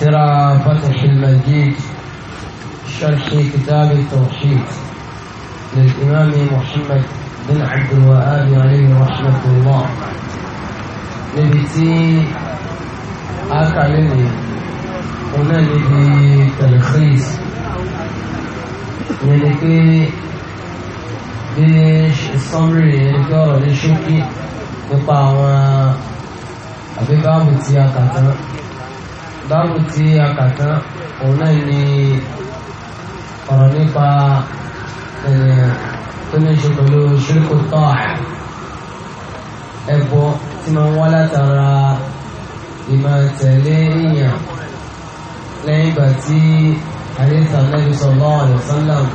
ترى فتح المجيد شرح كتاب التوحيد للإمام محمد بن عبد الوهاب عليه رحمة الله نبتي أكعلني هنا نبي تلخيص نبتي يعني بيش السمري نبتي لشوكي نبتي أبي بابتي أكعلني báàbù tí a kà tán òun náà ni ọ̀rọ̀ nípa tó ní ṣe pẹ̀lú ṣíríkù tọ́ ẹ̀bọ tí máa ń wá látara ìmọ̀ tẹ̀lé èèyàn lẹ́yìn ìgbà tí àyíṣà Nabi sallallahu alaihi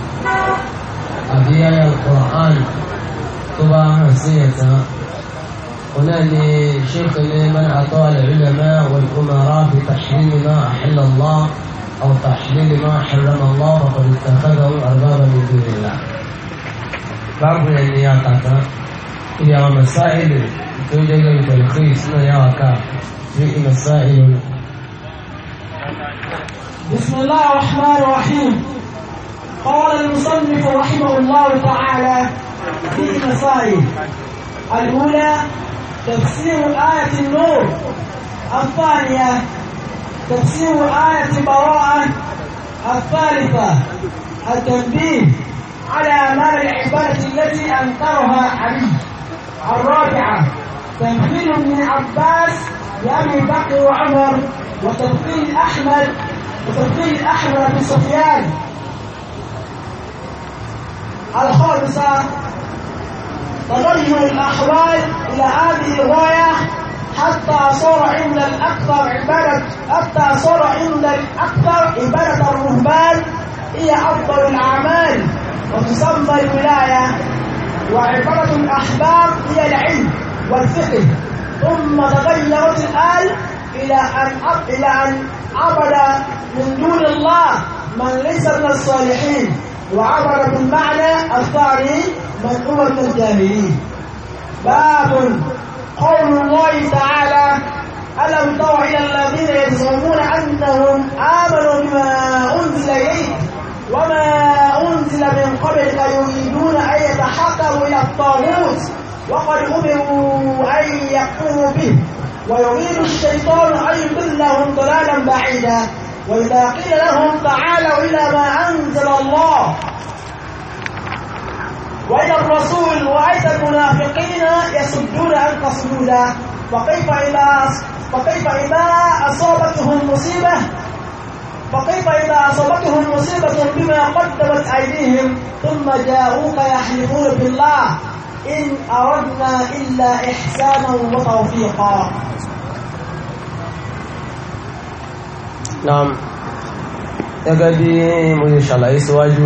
àbí àyà Qur'an tó bá hàn sí ẹ̀tàn. هنا لشيخ من أعطى العلماء والأمراء بتحليل ما أحل الله أو تحليل ما حرم الله فقد اتخذه أربابا من دون الله. يعني يا النياقة يا مسائل توجد تلخيص نياقة في مسائل بسم الله الرحمن الرحيم قال المصنف رحمه الله تعالى في مسائل الأولى تفسير آية النور الثانية تفسير آية براءة الثالثة التنبيه على مال العبادة التي أنكرها علي الرابعة تنفيذ ابن عباس لأبي بكر وعمر وتنفيذ أحمد وتنفيذ أحمد بن سفيان الخامسة وضم الأحوال إلى هذه الغاية حتى صار عند الأكثر عبادة حتى صار عند الأكثر عبادة الرهبان هي أفضل الأعمال وتسمى الولاية وعبادة الأحباب هي العلم والفقه ثم تغيرت الآن إلى أن إلى أن عبد من دون الله من ليس من الصالحين وعبد بالمعنى الثاني مذكورة الجاهلين باب قول الله تعالى ألم تر إلى الذين يزعمون أنهم آمنوا بما أنزل إليك وما أنزل من قبلك يريدون أن يتحكموا إلى الطاغوت وقد أمروا أن يكفروا به ويريد الشيطان أن يضلهم ضلالا بعيدا وإذا قيل لهم تعالوا إلى ما أنزل الله وإلى الرسول رأيت المنافقين يصدون عنك صدودا فكيف إذا فكيف إذا أصابتهم مصيبة فكيف إذا أصابتهم مصيبة بما قدمت أيديهم ثم جاءوك يحلفون بالله إن أردنا إلا إحسانا وتوفيقا نعم gẹ́gẹ́ bí mo ṣe ṣàlàyé síwájú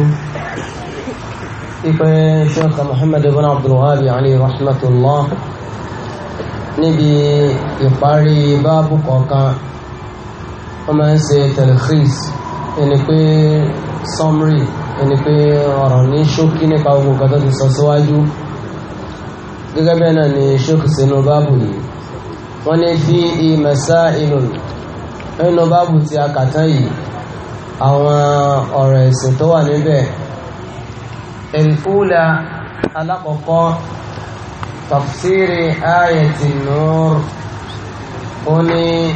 ipe sheikh muhammad ibn Abdullahi alayhi rahmatullah níbi ìparí báàbù kọ̀ọ̀kan wọ́n ń ṣe telkhis ẹni pé summary ẹni pé ọ̀rọ̀ ní ṣókí nípa ogun nǹkan tó ti sọ síwájú gẹ́gẹ́ bẹ́ẹ̀ náà ni ṣókí sínú báàbù yìí wọ́n ní fi ìmẹ̀sá ìlú nínú báàbù tí a kà tán yìí àwọn ọ̀rọ̀ ẹ̀sìn tó wà níbẹ̀ الأولى ألقق تفسير آية النور أني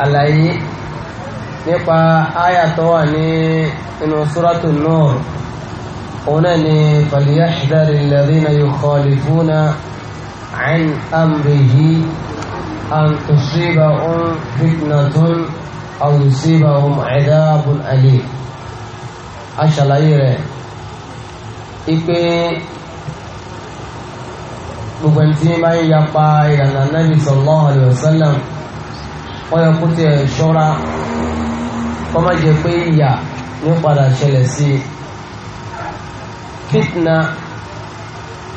علي نقا آية تواني إن سورة النور أنني فليحذر الذين يخالفون عن أمره أن تصيبهم فتنة أو يصيبهم عذاب أليم أشعل ipe gbogbo ẹni tí bá ń yapa ìlànà nàbì sallallahu alaihi wasallam wọ́n yẹ kó tẹ̀ ṣọ́ra kó má jẹ́ pé ìyà ní padà ṣẹlẹ̀ sí i fitna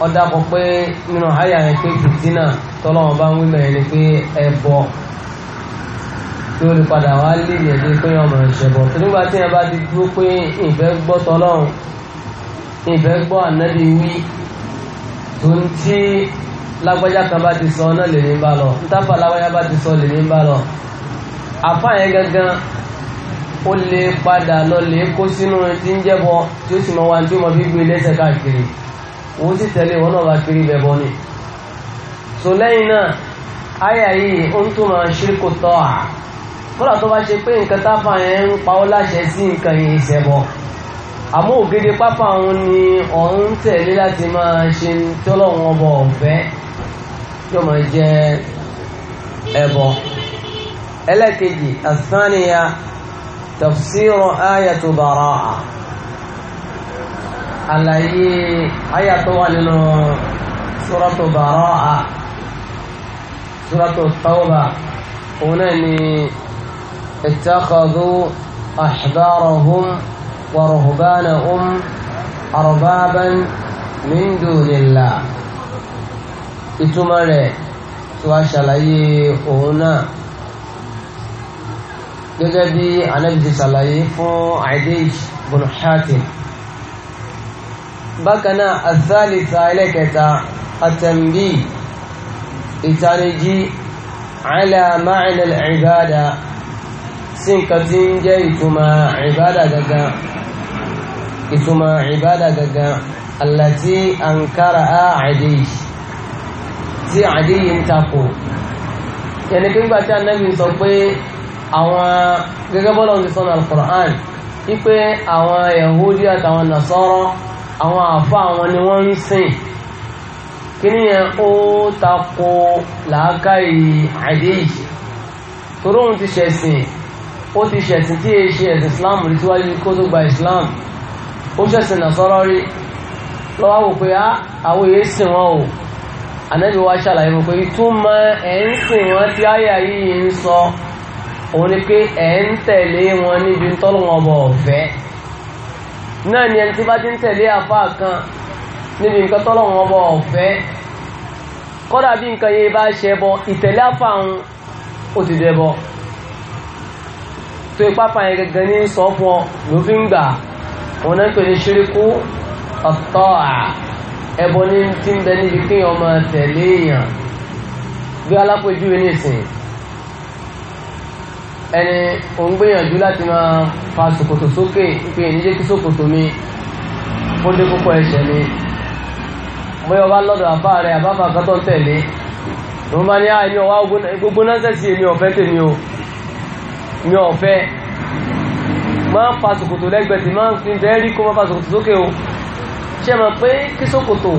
ọ̀dà kọ pé nínú àyà yẹn pé fìtínà tọ́lọ́wọ́n bá ń wí mẹ́rin ni pé ẹ̀bọ lórí padà wá lè yẹ̀ dé pé ọmọ ìṣẹ̀bọ̀ tó nígbà tí yẹn bá ti dúró pé ìfẹ́ gbọ́ tọ́lọ́run ìfẹ́ gbọ́ ànábì wí tó ń tí lágbájá kan bá ti sọ náà lèmi bá lọ ntáfà lágbájá bá ti sọ lèmi bá lọ àfáàyẹn gangan ó lè padà lọ lè kó sínú tí ń jẹ́bọ tí ó sì mọ wa tí ó mọ fi gbé lẹ́sẹ̀ káàkiri òun sì tẹ̀lé ìwọ náà bá kiri bẹ̀ bọ ni. sò lẹ́yìn náà àyà yìí ó ń túmọ̀ ṣírkù à kọ́lá tó bá ṣe pé nǹkan táfà yẹn ń pa láṣẹ sí nǹkan yìí ìṣẹ̀bọ àmọ́ ògede pápá òun ni òun tẹ̀lé láti máa ṣe tọ́lọ́wọ́n ọbọ̀ ọ̀fẹ́ yóò máa jẹ ẹbọ ẹlẹ́kejì àsániya tafsiru ayatu baraa àlàyé ayatu wà nínú suratu baraa suratu tawba òun náà ni ittakhadhu ahbarahum. ورهبانهم أربابا من دون الله إتمرى سواشلعي أونا gẹ́gẹ́ bí anábìdì sàlàyé fún àìdíj bùnú hatim bákanáà àzálìta ẹlẹ́kẹta àtẹ̀mbí ìtanijí aláàmáìnà ìbádà sí nǹkan tí ń jẹ́ ìtumọ̀ ìbádà gangan ìtumọ̀ ìbádà gangan aláti ankara àádé tí àádé yìí ń takò yẹni pé nígbà tí anábì sọ pé àwọn gẹ́gẹ́ bọ́lá ti sọ́nà al-Qur'an wípé àwọn yahudi àtàwọn nasọ́rọ́ àwọn àfa àwọn ni wọ́n ń sìn kíní yẹn ó takò làákàyè àádé yìí toróhun ti ṣẹ̀sìn ó ti ṣẹ̀sìn tí èé ṣe ẹ̀sìn Islam rí tíwájú kó tó gba Islam ó ṣẹ̀sìn nàṣọ́rọ́ rí lọ́wọ́ wò pé ah, àwọn èyí sìn wọ́n o ànábì wa ṣàlàyé wò pé ìtumọ̀ ẹ̀ ń sìn wọ́n tí àyà yìí ń sọ òun ni pé ẹ̀ ń tẹ̀lé wọn níbi tọ́lọ́wọ́n ọbọ̀ ọ̀fẹ́ náà ni ẹni tí bá ti ń tẹ̀lé àfa kan níbi nǹkan tọ́lọ́wọ́n ọbọ̀ ọ̀fẹ́ kọ́dà bí nǹkan yẹn bá ṣe bọ ìtẹ̀lé àfa òun ó ti dẹ bọ tó ipá fa yẹn gẹ́gẹ́ ní sọ fún ọ ló gbà òun náà ń pè ní ṣíríkú ọ̀tọ́à ẹbọ ní ti ń bẹ níbi kí ọmọ tẹ̀lé èèyàn bí alápèjúwe nìsín ẹni òun gbìyànjú láti máa fa ṣòkòtò sókè pé ìníjẹ́ kí ṣòkòtò mi ó dé púpọ̀ ẹsẹ̀ mi bóyá ọba lọ́dọ̀ àbá rẹ̀ àbáfà kan tó ń tẹ̀lé ló máa ní àìní ọwá gbogbo náà sẹ́sì èmi ọ̀fẹ́ tèmi o mi ọ̀fẹ́ máa fa ṣòkòtò lẹ́gbẹ̀ẹ́ tí máa ń fi bẹ́ẹ̀ rí kó máa fa ṣòkòtò sókè o ṣe mọ̀ pé kí ṣòkòtò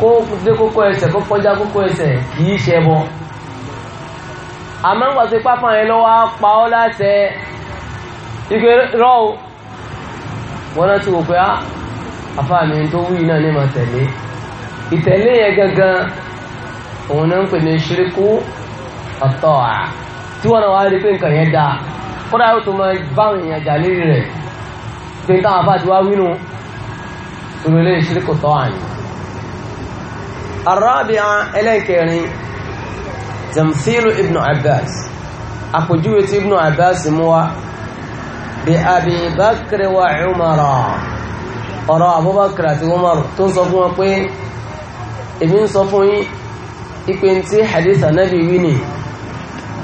kó dé kókó ẹsẹ̀ kó kọjá kókó ẹsẹ̀ kì í ṣe bọ́ àmọ́ ń pàṣẹ pápá yẹn lọ́wọ́ á pa ọ́ láti ike rọ́ o wọ́n náà ti wò pé ah, àfa mi tó wí náà ní màá tẹ̀lé ìtẹ̀lé yẹn gangan òun náà ń pè ní ṣíríkú àtọ́à tí wọ́n náà wá rí pé nǹkan yẹn dáa kódà yóò tó mọ báwọn èèyàn jà lérí rẹ̀ pé táwọn afáàdì wá wínú torí ilé ìṣiríkò tọ́ àní. arábìá ẹlẹ́kẹrin zamfiru ibn abbas àpòjúwe tí ibn abbas mú wa bí abi bakri wa umara ọ̀rọ̀ abubakar àti umar tó ń sọ fún wọn pé èmi ń sọ fún yín ipe hadith anabi wí ni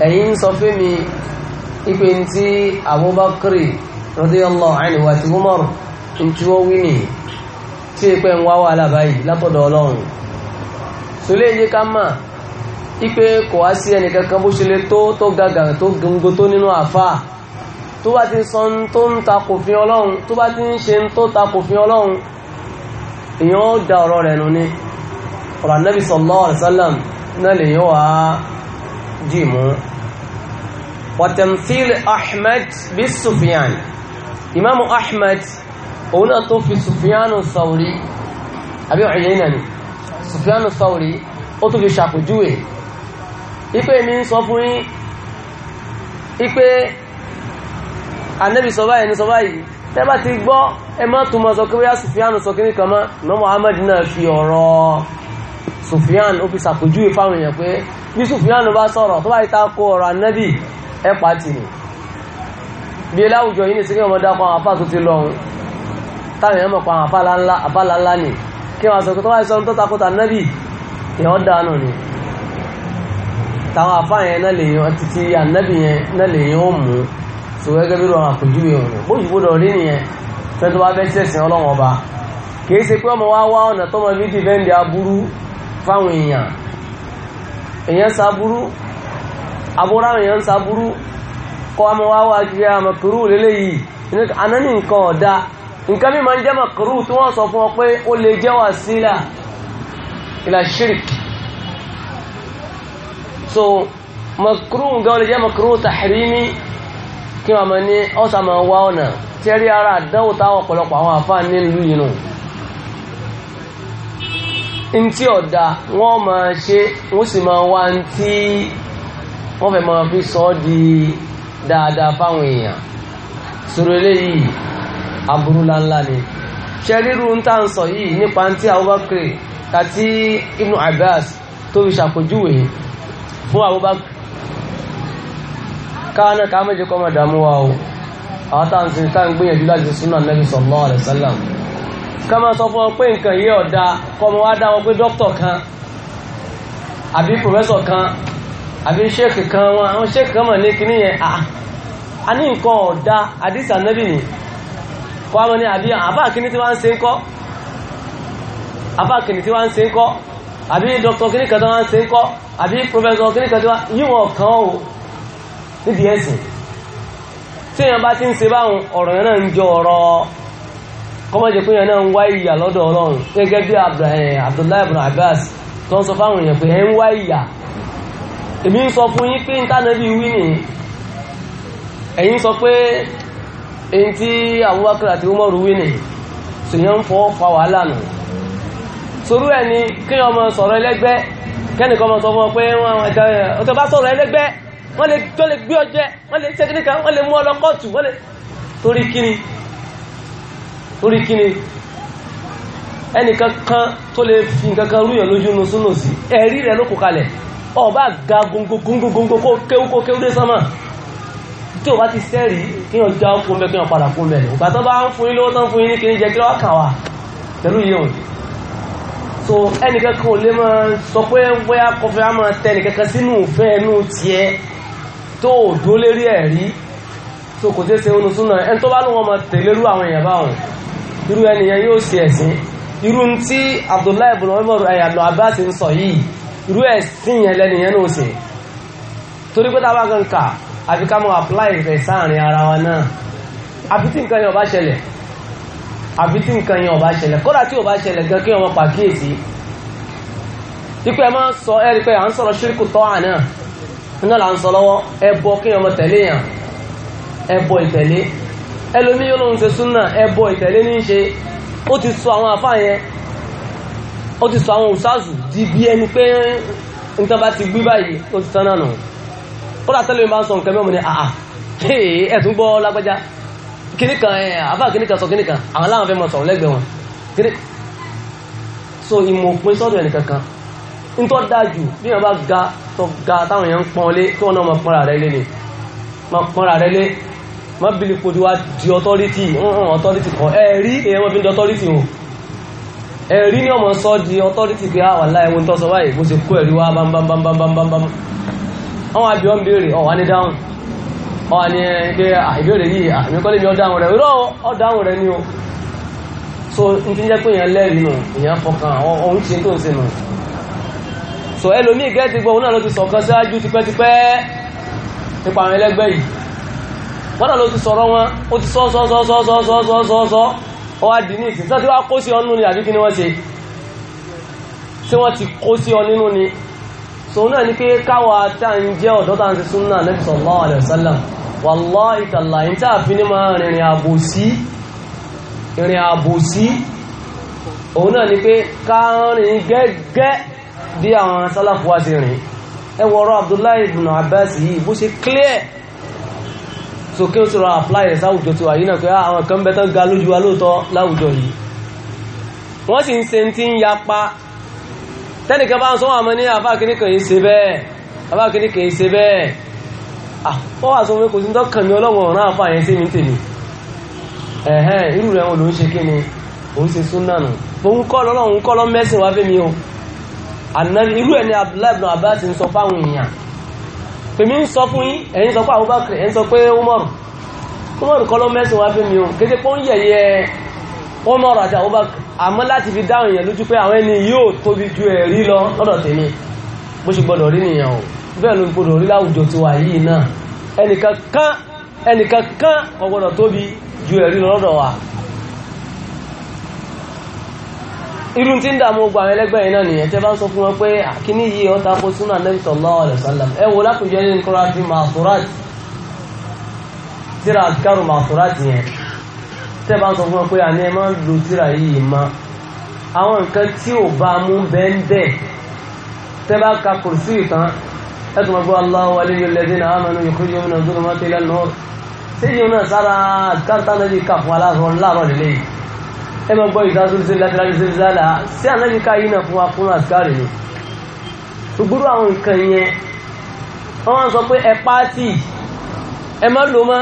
ẹ̀yin ń sọ fún mi ipe tí abubakari radiyallahu anhu àti umar ń tí wọ́n wí nìyí tí ìpẹ́ ń wá wà lábáyìí látọ̀dọ̀ ọlọ́run so lè yí ká mà ipe kò wá sí ẹnìkankan bó ṣe lè tó tó gàgà tó gbogbo tó nínú àfà tó bá ti sọ ń tó ń ta kò fi ọlọ́run tó bá ti ń ṣe ń tó ta kò fi ọlọ́run èèyàn ó da ọ̀rọ̀ rẹ̀ nù ni ọ̀rọ̀ anábì sallallahu alaihi wasallam náà lèèyàn wá jì mú وتمثيل أحمد بالسفيان إمام أحمد هنا توفي سفيان الثوري أبي عيينني سفيان الثوري أتوفي شاكو جوي ipe mi ń sọ fún yín ipe anabi sọ báyìí ni sọ báyìí tẹ́ bá ti gbọ́ ẹ má tún mọ́ sọ kí wíyá Sufyan sọ kí ní kan mọ́ ìmọ̀ Muhammad náà fi ọ̀rọ̀ Sufyan ó fi ṣàpèjúwe fáwọn èèyàn pé bí Sufyan bá sọ̀rọ̀ tó bá yìí ko ọ̀rọ̀ anabi ẹ pàtì ni bí láwùjọ yìí ní sí kí wọ́n dákọ̀ àwọn afá tó ti lọ ohun táwọn èèyàn mọ̀ pa àwọn afá ńláńlá ni kí wọ́n sọ tó wáyé sọ́run tó takọ́ta nẹ́bì èèyàn dànù ni táwọn afá yẹn náà lè yan títí ànẹ́bì yẹn náà lè yan ó mú so gẹ́gẹ́ bí wọn àpèjúwe ọ̀rọ̀ bó yìí gbọ́dọ̀ rí nìyẹn fẹ́ tó bá fẹ́ sẹ̀sìn ọlọ́wọ́n ọba kìí pé ọmọ wa wá ọ̀nà tó mọ fídíì fẹ́ǹdì aburú fáwọn èèyàn èèyàn sa abúráwọ̀ èèyàn ń sàbúrú kọ́ ọmọ wá wá kí a mọ̀kúrú lélẹ̀ yìí anáni nǹkan ọ̀dá nǹkan mímọ̀ ń jẹ́ mọ̀kúrú tí wọ́n sọ fún ọ pé ó lè jẹ́ wà sílà ìlà shirk so mọ̀kúrú nǹkan ó lè jẹ́ mọ̀kúrú tahrimi kí wọ́n mọ̀ ní ọ̀sà mọ̀ wá ọ̀nà tẹ́rí ara àdánwò táwọn ọ̀pọ̀lọpọ̀ àwọn àfáà wọ́n fẹ́ máa fi sọ ọ́ di dáadáa fáwọn èèyàn sọ̀rọ̀ eléyìí aburú ńláńlá ni ṣe ríru ń tà ń sọ yìí nípa ti Abubakar àti Ibn Abbas tó fi ṣàpèjúwe fún Abubakar káánà ká méje kọ́ máa dààmú wa o àwọn tá à ń sin ká ń gbìyànjú láti súnà Nabi sallallahu alaihi wasallam ká máa sọ fún ọ pé nǹkan yìí ọ̀dà kọ́ ọmọ wa dá wọn pé dókítà kan àbí pòfẹ́sọ̀ kan àbí ṣéèkì kan wọn àwọn ṣéèkì kan mọ̀ ní kíní yẹn a ní nǹkan ọ̀dá àdìsá nẹ́bì ni kọ́ àwọn ní àbí àbá kíní tí wọ́n ń ṣe ń kọ́ àbá kíní tí wọ́n ń ṣe ń kọ́ àbí dr kíní kan tí wọ́n ń ṣe ń kọ́ àbí professor kíní kan tí wọ́n yíwọ̀n kan o nídìí ẹ̀sìn tí èèyàn bá ti ń se báwọn ọ̀rọ̀ yẹn náà ń jọ ọ̀rọ̀ kọ́mọ̀jẹ̀ pé yẹn náà ń wá ìyà lọ́dọ̀ ọlọ́run gẹ́gẹ́ bí eh, Abdullahi ibn Abbas tó ń sọ fáwọn èèyàn pé ẹ ń wá ìyà èmi ń sọ fún yín pé ìtànàbí wí nì ẹ̀yin sọ pé èyí tí Abubakar àti Umaru wí nì sèyàn ń fọwọ́ fa wàhálà nù sorú ẹ̀ ni kí ọmọ sọ̀rọ̀ ẹlẹ́gbẹ́ kẹ́nìkan ọmọ sọ fún ọ pé ọtọ bá sọ̀rọ̀ ẹlẹ́gbẹ́ wọ́n lè tó lè gbé ọjẹ́ wọ́n lè ṣe kíníkan wọ́n lè mú ọ lọ kóòtù wọ́n lè torí kíni torí kíni ẹnìkan kan tó lè fi nǹkan kan rúyàn lójú nu súnù sí ẹ̀rí rẹ̀ ló kó kalẹ̀ ọba ga gongogongogongo kó kéwú kó kéwú dé sánmà tí o bá ti sẹ́rì kí o já fún mẹ́ kí o padà fún mẹ́ ní ìgbà tó bá ń fún yín lówó tán fún yín ní kí ní jẹ́ kí lọ́wọ́ kàn wá pẹ̀lú yìí òní so ẹnìkan kan ò lè máa sọ pé bóyá kọfẹ́ á máa tẹ ẹnìkankan sínú ìfẹ́ ẹnu tiẹ̀ tó o dúró lérí ẹ̀ rí so kò tẹ́ ṣe oníṣú náà ẹni tó bá lóun ọmọ tẹ̀lé irú àwọn èèyàn báwọn irú ẹnìyẹn yóò ṣe ẹ̀sìn irú ti Abdullahi ibùdó ẹ̀yà lọ ruo esi yẹn lẹ́nìyàn náà ṣe torí pé táwa kan kà àfi ká mọ̀ apply rẹ̀ sáàrin ara wa náà àfi tí nǹkan yẹn ó bá ṣẹlẹ̀ àfi tí nǹkan yẹn ó bá ṣẹlẹ̀ kódà tí ó bá ṣẹlẹ̀ gan kí sọ ẹ̀rí pé à ń sọ̀rọ̀ ṣíríkù tọ́ àná iná là ń sọ lọ́wọ́ ẹbọ kí yàn ní í ti sọ àwọn àfáà ó ti sọ àwọn òṣàzù di bí ẹni pé nǹkan bá ti gbé báyìí ó ti tán nànà ó dà tẹ́lẹ̀ mi máa ń sọ nǹkan mẹ́mọ́ ni àà ẹ̀tún gbọ́ lágbájá kíníkan ẹ̀ àbá kíníkan sọ kíníkan àwọn aláwọn fẹ́ mọ̀ sọ̀rọ̀ lẹ́gbẹ̀ẹ́ wọn so ìmọ̀ òpin sọ́dọ̀ ẹnì kankan ń tọ́ dáa jù bí wọn bá ga tọ́ ga táwọn èèyàn ń pọ́n lé kí wọn náà máa pọ́nra rẹ lé ni máa pọ́nra rẹ lé máa bìlì kojú wa di ọtọ́rítì ọtọ́rítì kan ẹ̀ẹ́rí èèyàn máa fi ń di ọtọ́rítì hàn ẹ̀rí ní ọmọ sọ di ọtọ́rítì pé àwọn ah, aláìwọ̀n tó sọ báyìí bó ṣe kó ẹ̀rí wá bam àwọn àbí wọn béèrè ọ̀wá ní dáhùn ọ̀wá ní eh, pé ah, ìbéèrè yìí àmì ah, kọ́lé mi ni o so n ti jẹ́ pé èèyàn lẹ́rìí nù èèyàn fọkàn ọ̀hún ṣe tó ń ṣe nù so ẹlòmíì gẹ́ẹ̀tì gbọ́ òun náà ló ti sọ̀kan síwájú tipẹ́tipẹ́ nípa àwọn ẹlẹ́gbẹ́ yìí wọ́n náà ló ti sọ̀rọ̀ wọn ó ti sọ́ sọ́ ọwá dì ní ìsìn sọ́tí wá kó sí ọ ni àbí kí ni wọ́n ṣe tí wọ́n ti kó sí ọ nínú ni so náà ni pé káwa tá à ń jẹ́ ọ̀dọ́ tá à ń ti súnmọ́ ànábì sallallahu alaihi wasallam wallahi tallahi tá a fi ní máa rìnrìn àbò ni pé ká rìn gẹ́gẹ́ bí àwọn clear so kí o ti rọra apply rẹ̀ sáwùjọ tiwa yìí náà pé ah, àwọn kan bẹ ga lójú wa lóòótọ́ láwùjọ yìí wọ́n sì ń ṣe ń yapa tẹ́nìkan bá ń sọ wà mọ́ ní àfáàkíní kan yìí ṣe bẹ́ẹ̀ àfáàkíní kan yìí bẹ́ẹ̀ àpọ́ àṣọ omi kò sí tọ́kàn mi ọlọ́wọ̀n ọ̀rán àfáà yẹn sí mi tèmi ẹ̀hẹ́n irú rẹ̀ wọn ló ń ṣe kí ni o àná irú ẹ̀ ni Abdullahi ń sọ fáwọn pèmí ń sọ fún yín ẹ̀yin sọ pé Abubakar ẹ̀yin sọ pé Umaru Umaru kọ́ ló mẹ́sìn wá fún mi o kété pé ó ń yẹ̀yẹ́ Umaru àti Abubakar àmọ́ láti fi dáhùn yẹn lójú pé àwọn ẹni yóò tóbi ju ẹ̀rí lọ lọ́dọ̀ tèmi bó ṣe gbọ́dọ̀ rí nìyẹn o bẹ́ẹ̀ ló gbọ́dọ̀ rí láwùjọ tiwa yìí náà ẹnìkan kan ẹnìkan kan ọgbọ́dọ̀ tóbi ju ẹ̀rí lọ lọ́dọ̀ wa irú tí ń dààmú ogun àwọn ẹlẹgbẹ́ yìí náà nìyẹn tẹ́ bá ń sọ fún wọn pé àkíní yìí ọ̀tá kó súnà Nabi sallallahu alaihi wasallam ẹ wo lápèjọ ní nkúra bíi màfúrát tíra àdìkárò màfúrát yẹn tẹ́ bá ń sọ fún wọn pé àní ẹ máa ń lo tíra yìí ma àwọn nǹkan tí ò bá mú bẹ́ẹ̀ ń bẹ́ẹ̀ tẹ́ bá ka kùrùsì tán ẹ tún máa gbọ́ Allahu waliyul ladina amanu yukhrijuhum minaz zulumati ilan nur ẹ máa gbọ́ ìdásúnsí látíláti sílẹ̀ sí ànáyíká yìí náà fún wa fún àṣkárì ni ṣùgbúrú àwọn nǹkan yẹn wọ́n sọ pé ẹ pàtì ẹ má lò mọ́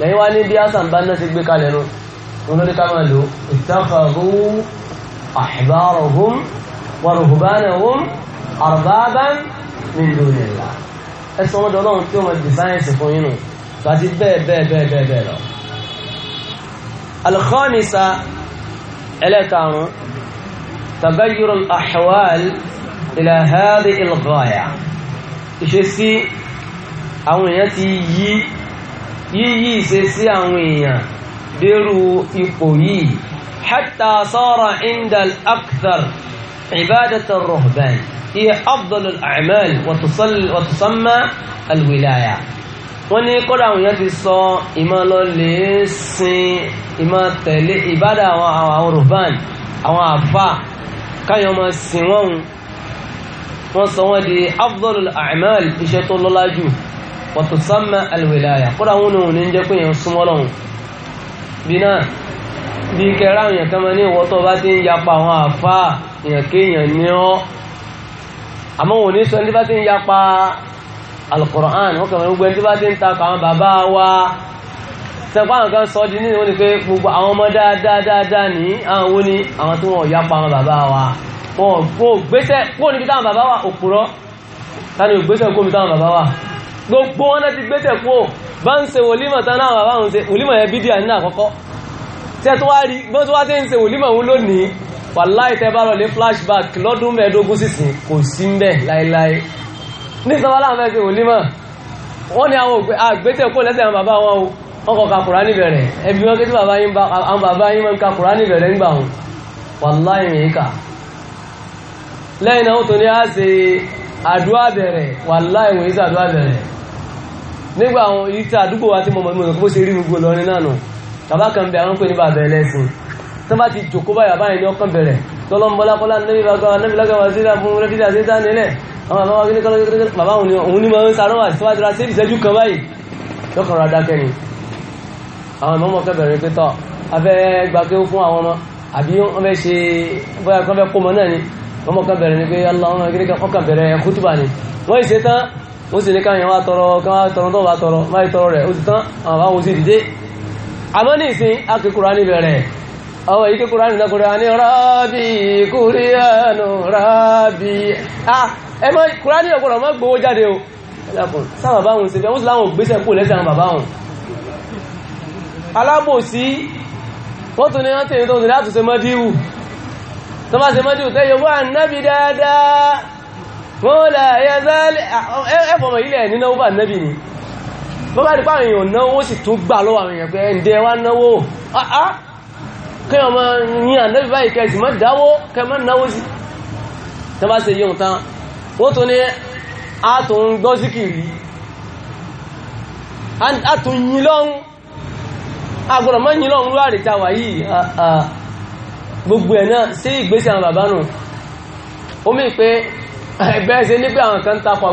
lẹ́yìn wá ní bí àṣàmbá náà ti gbé kalẹ̀ nu wọn lórí ká máa lò ittakhadhu ahbarahum wa ruhbanahum arbaban min dunillah ẹ sọ wọn dọ́lọ́run tí wọ́n di sáyẹ́nsì fún yín nù àti bẹ́ẹ̀ bẹ́ẹ̀ bẹ́ẹ̀ bẹ́ẹ̀ lọ. al الا تانو تغير الاحوال الى هذه الغايه شسي اوان ياتي يي يي سيسي اوان ديرو يقوي حتى صار عند الاكثر عباده الرهبان هي افضل الاعمال وتصل وتسمى الولايه wọ́n ní kọ́dà àwọn èèyàn ti sọ ìmọ̀ lọ lè sin ìmọ̀ tẹ̀lé ìbádà àwọn àwọn rùbán àwọn àfà káyọ̀ máa sìn wọ́n wọ́n sọ wọ́n di afdolul a'mal iṣẹ́ tó lọ́lá jù wọ́tò sánmà alwilaya kọ́dà àwọn òun ní jẹ́ pé èèyàn súnmọ́ lọ́hùn bí náà bí kẹrẹ àwọn èèyàn kan ní ìwọ́tọ̀ bá ti ń yapa àwọn àfà èèyàn kéèyàn ní ọ́ àmọ́ òun sọ ní bá ti ń yapa alukur'an wọ́n kẹwàá gbogbo ẹni tí bá ti ń takò àwọn bàbá wa sẹ́kọ̀ àwọn kan sọ di nínú wọn ni pé gbogbo àwọn ọmọ dáadáa dáadáa ní àwọn wo ni àwọn tí wọ́n yá pa àwọn bàbá wa wọn kò gbéṣẹ́ kó níbi táwọn bàbá wa òpùrọ́ tani ògbéṣẹ́ kó níbi táwọn bàbá wa gbogbo wọn náà ti gbéṣẹ́ kó tó wá rí ń ṣe wòlímọ̀ wọn lónìí wàláì tẹ bá lọ ní flashback lọ́dún mẹ́ẹ̀ẹ́dógún sísìn kò sí ń bẹ̀ láéláé ní sọ́wọ́ láwọn fẹ́ sí wòlímọ̀ wọ́n ní àwọn àgbẹ́tẹ̀ kó lẹ́sẹ̀ àwọn bàbá wọn wọ́n kọ kakùrá níbẹ̀rẹ̀ ẹbí wọn kí tí bàbá yín máa ń kakùrá níbẹ̀rẹ̀ ń gbà wọn wàláì mi kà lẹ́yìn náà tó ní á ṣe àdúrà bẹ̀rẹ̀ wàláì wọ́n yíṣẹ́ àdúrà bẹ̀rẹ̀ nígbà àwọn ìta àdúgbò wa tí mo mọ̀ ní mo ṣe rí gbogbo lọ́rin náà nù bàbá kan bẹ̀ àwọn pè bá ti jòkó báyà báyìí ní ọkàn bẹ̀rẹ̀ tọ́lọ́mbọ́lá kọ́lá níbi bàgọ́ níbi lọ́gọ́wà sí ìdàfún rẹ̀ fídà sí ìdá nílẹ̀ àwọn àbáwá gíní kọ́lá gíní bàbá òun ni máa ń sarọ́wà sí wájú sí ìṣẹ́jú kan báyìí lọ́kọ̀ọ́rọ̀ adákẹ́ ni àwọn ọmọ kẹbẹ̀rẹ̀ pé tọ́ afẹ́ gbàgbé fún àwọn ọmọ àbí wọ́n fẹ́ ṣe bóyá kan fẹ́ kó mọ náà ni ọmọ kẹbẹ̀rẹ̀ ni pé aláwọn gíní kan kọ́kàn bẹ̀rẹ̀ kútùbà ni wọ́n ì ṣe tán ó sì ní káyọ̀ wá tọrọ káwá tọrọ tó wá tọrọ máa tọrọ rẹ̀ ó sì tán àwọn àwọn òsì dìde àmọ́ ní ìsìn akẹ́kọ̀ọ́ rání bẹ̀rẹ̀ ọwọ́ yìí kékeré ànìyàn kúrẹ́ ní rábì kúrẹ́ ànù rábì ẹ mọ́ kúrẹ́ ànìyàn kúrẹ́ ọmọ gbowó jáde o sábà báwọn ṣe fẹ́ wọ́n sì láwọn gbéṣẹ́ kú lẹ́sẹ̀ àwọn bàbá wọn alábòsí wọ́n tún ní wọ́n tẹ̀yìn tó ń tẹ̀lé àtúnṣe mọ́díwù tó bá ṣe mọ́díwù tẹ́yẹ wọ́n ànábì dáadáa wọ́n là yẹ zálẹ̀ ẹ̀fọ̀mọ̀ ni bọ́ bá rí pàwọn èèyàn náwó sì tún gbà lọ́wọ́ àwọn kí ọmọ yín ànábì báyìí kẹsì mọ́ dáwó kẹmọ́ náwó sí tó bá ṣe yí òun tán wọ́n tó ní àtún gbọ́ síkìrí àtún yín lọ́hún agbọ́dọ̀ mọ́ yín lọ́hún lórí àrètà wà yìí gbogbo ẹ̀ náà sí ìgbésẹ̀ àwọn bàbá nù ó mì pé ẹgbẹ́ ṣe ní pé àwọn kan takọ̀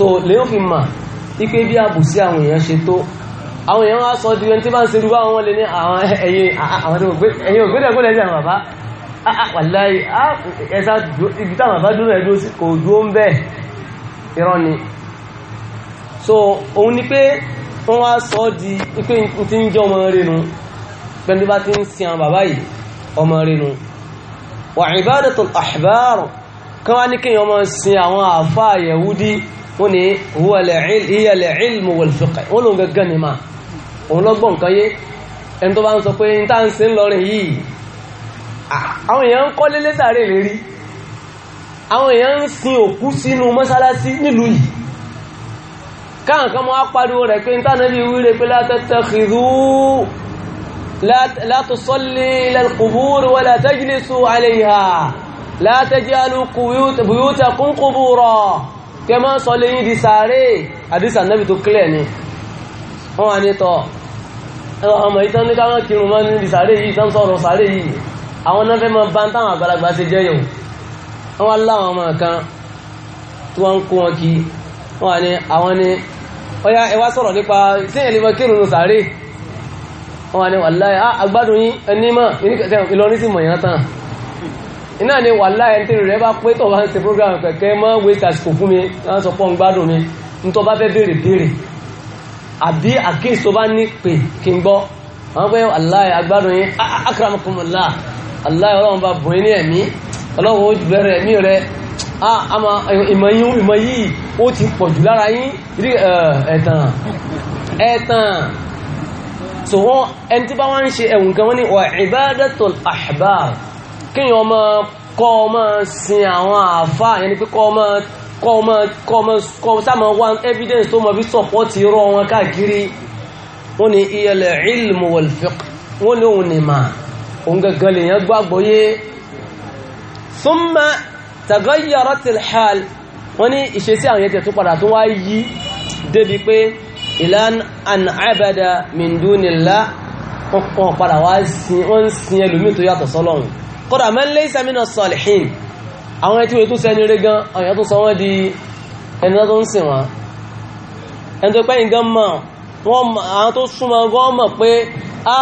so lèyìn fi mà ipe bí àbùsí àwọn èèyàn ṣe tó àwọn èèyàn wá sọ di ẹni tí bá ń serú bá wọn lè ní àwọn ẹ̀yìn ògbédẹ̀gbọ́n lẹ́sẹ̀ àwọn bàbá ah, ah, wàláyé ah, ẹ̀sà ibi táwọn bàbá dúró ẹ̀dúró sí kò dúró ń bẹ́ẹ̀ irọ́ ni so òun ni pé wọ́n wá sọ di pé n ti ń jẹ́ ọmọ rẹ̀ nu pẹ̀lú bá ti ń sin àwọn bàbá yìí ọmọ rẹ̀ nu wà ìbádàtul ahbar kan wá ní kéèyàn ọmọ sin àwọn àfáà Yahudi wọ́n ní ìyẹlẹ̀ ilmu wal fiqh wọ́n lóun gẹ́gẹ́ ni máa òun lọ́gbọ́n nǹkan yé ẹni tó bá ń sọ pé ní táà ń ṣe ń lọrin yìí àwọn èèyàn ń kọ́lé lẹ́sàárè lérí àwọn èèyàn ń sin òkú sínú mọ́sálásí nílùú yìí káwọn kan mọ́ apariwo rẹ̀ pé ní táà náà wíre pé la tattakhidhu la tusalli ila al-qubur wa la tajlisu alayha la taj'alu buyutakum qubura kẹ máa sọ lè yí di sàárè àdísà nẹ́bì tó kílẹ̀ ni wọ́n wà ní tọ́ ọmọ ìtàn ní káwọn kírun mọ́ ní di sàárè yìí tán sọ̀rọ̀ sàárè yìí àwọn náà fẹ́ mọ́ bá ń táwọn àgbàlagbà ti jẹ́ yòó wọ́n wá láwọn ọmọ kan tí wọ́n ń kó wọn kí wọ́n wà ní àwọn ní ọya ẹ wá sọ̀rọ̀ nípa sẹ́yìn lè mọ́ kírun sàárè wọ́n wà ní wàláyà agbádùn yín ẹni mọ́ Ìlọrin sì mọ̀ yẹn tán iná ni wàláhì ẹni tí rẹ̀ bá pé tó bá ń ṣe program kẹ̀kẹ́ mọ́ waste àsìkò fún mi wọ́n sọ pọ́ ń gbádùn mi nítorí bá fẹ́ béèrè béèrè àbí àkíyèsí tó bá ní pè kí n gbọ́ wọ́n pé wàláhì agbádùn yín akramakumullah wàláhì ọlọ́run bá bùn ní ẹ̀mí ọlọ́run ó bẹ̀rẹ̀ ẹ̀mí rẹ̀ àmà ìmọ̀ yín ìmọ̀ yìí ó ti pọ̀ jù lára yín rí ẹ̀tàn ẹ̀tàn so wọ́n ẹni tí bá wọ́n ń ṣe ẹ̀wùn kan wọ́n ní wà ibadatul ahbar kíyàn ọmọ kọ́ ọmọ sin àwọn àáfàá yẹn ni pé kọ́ ọmọ kọ́ ọmọ kọ́ ọmọ kọ́ ọmọ sáàmù wá evidence tó mọ̀ fi sọ̀pọ́tì rọ wọn káàkiri wọ́n ní iyẹlẹ̀ ilmu wal fiqh wọ́n ní òun ní mà òun gangan lè yẹn gbàgbọ́ yé thumma taghayyarat al-hal wọ́n ìṣesí àwọn yẹn tẹ̀ tó padà tó wá yí débi pé ìlànà an abada min padà wá sin wọ́n sin ẹlòmíì tó yàtọ̀ sọ́lọ́run kódà man laysa mina salihin àwọn ẹtí wọ́n tó sẹ́ni rẹ̀ gan àwọn tó sọ di ẹni tó ń sìn wọ́n ẹni tó pẹ́yìn gan mọ̀ wọ́n àwọn tó súnmọ́ gan mọ̀ pé á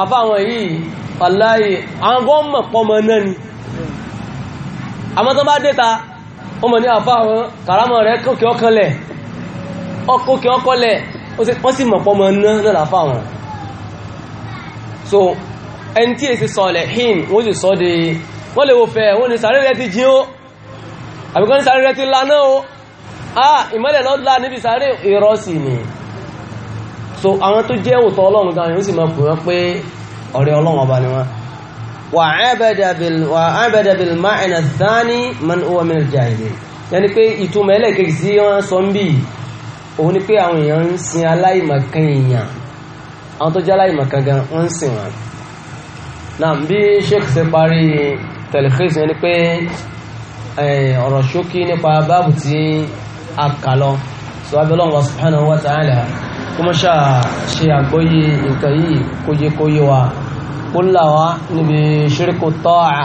àfa àwọn yìí wàláyé àwọn gan mọ̀ pọ́ mọ náà ni àmọ́ tó bá déta ó mọ̀ ní àfa àwọn kàrámọ̀ rẹ̀ kókè ọkọlẹ̀ wọ́n sì mọ̀ pọ́ mọ náà láfa àwọn so ẹni tí èsì sọ̀lẹ̀ hìn wọ́n sì sọ de wọ́n lè wo fẹ́ wọ́n ni sàárẹ̀ rẹ̀ ti jí ó àbíkọ́ ni sàárẹ̀ ti lana ó à ìmọ́lẹ̀ lọ́dúnlá níbi sàárẹ̀ ìrọ́sì ni so àwọn tó jẹ́ òtọ́ ọlọ́run gan yóò sì máa pè wọ́n pé ọ̀rẹ́ ọlọ́run ọba ni wọ́n wà bil ma'ina thani man huwa min al-jahilin yẹni pé ìtumọ̀ ẹlẹ́kẹ̀ẹ́ sí wọ́n sọ ń bì òun ni pé àwọn èèyàn ń tó jẹ́ aláìmọ̀kan gan wọ́n sìn wọn náà bí sheikh ṣe parí tẹlifíṣì ni pé ọ̀rọ̀ ṣókí nípa báàbù tí a kà lọ sọ abẹ́lẹ́ Allah subhanahu wa ta'ala kó mọ́ ṣáà ṣe àgbọ́yé nǹkan yìí kóyékóyé wa kó là wá níbi ṣíríkù tọ́à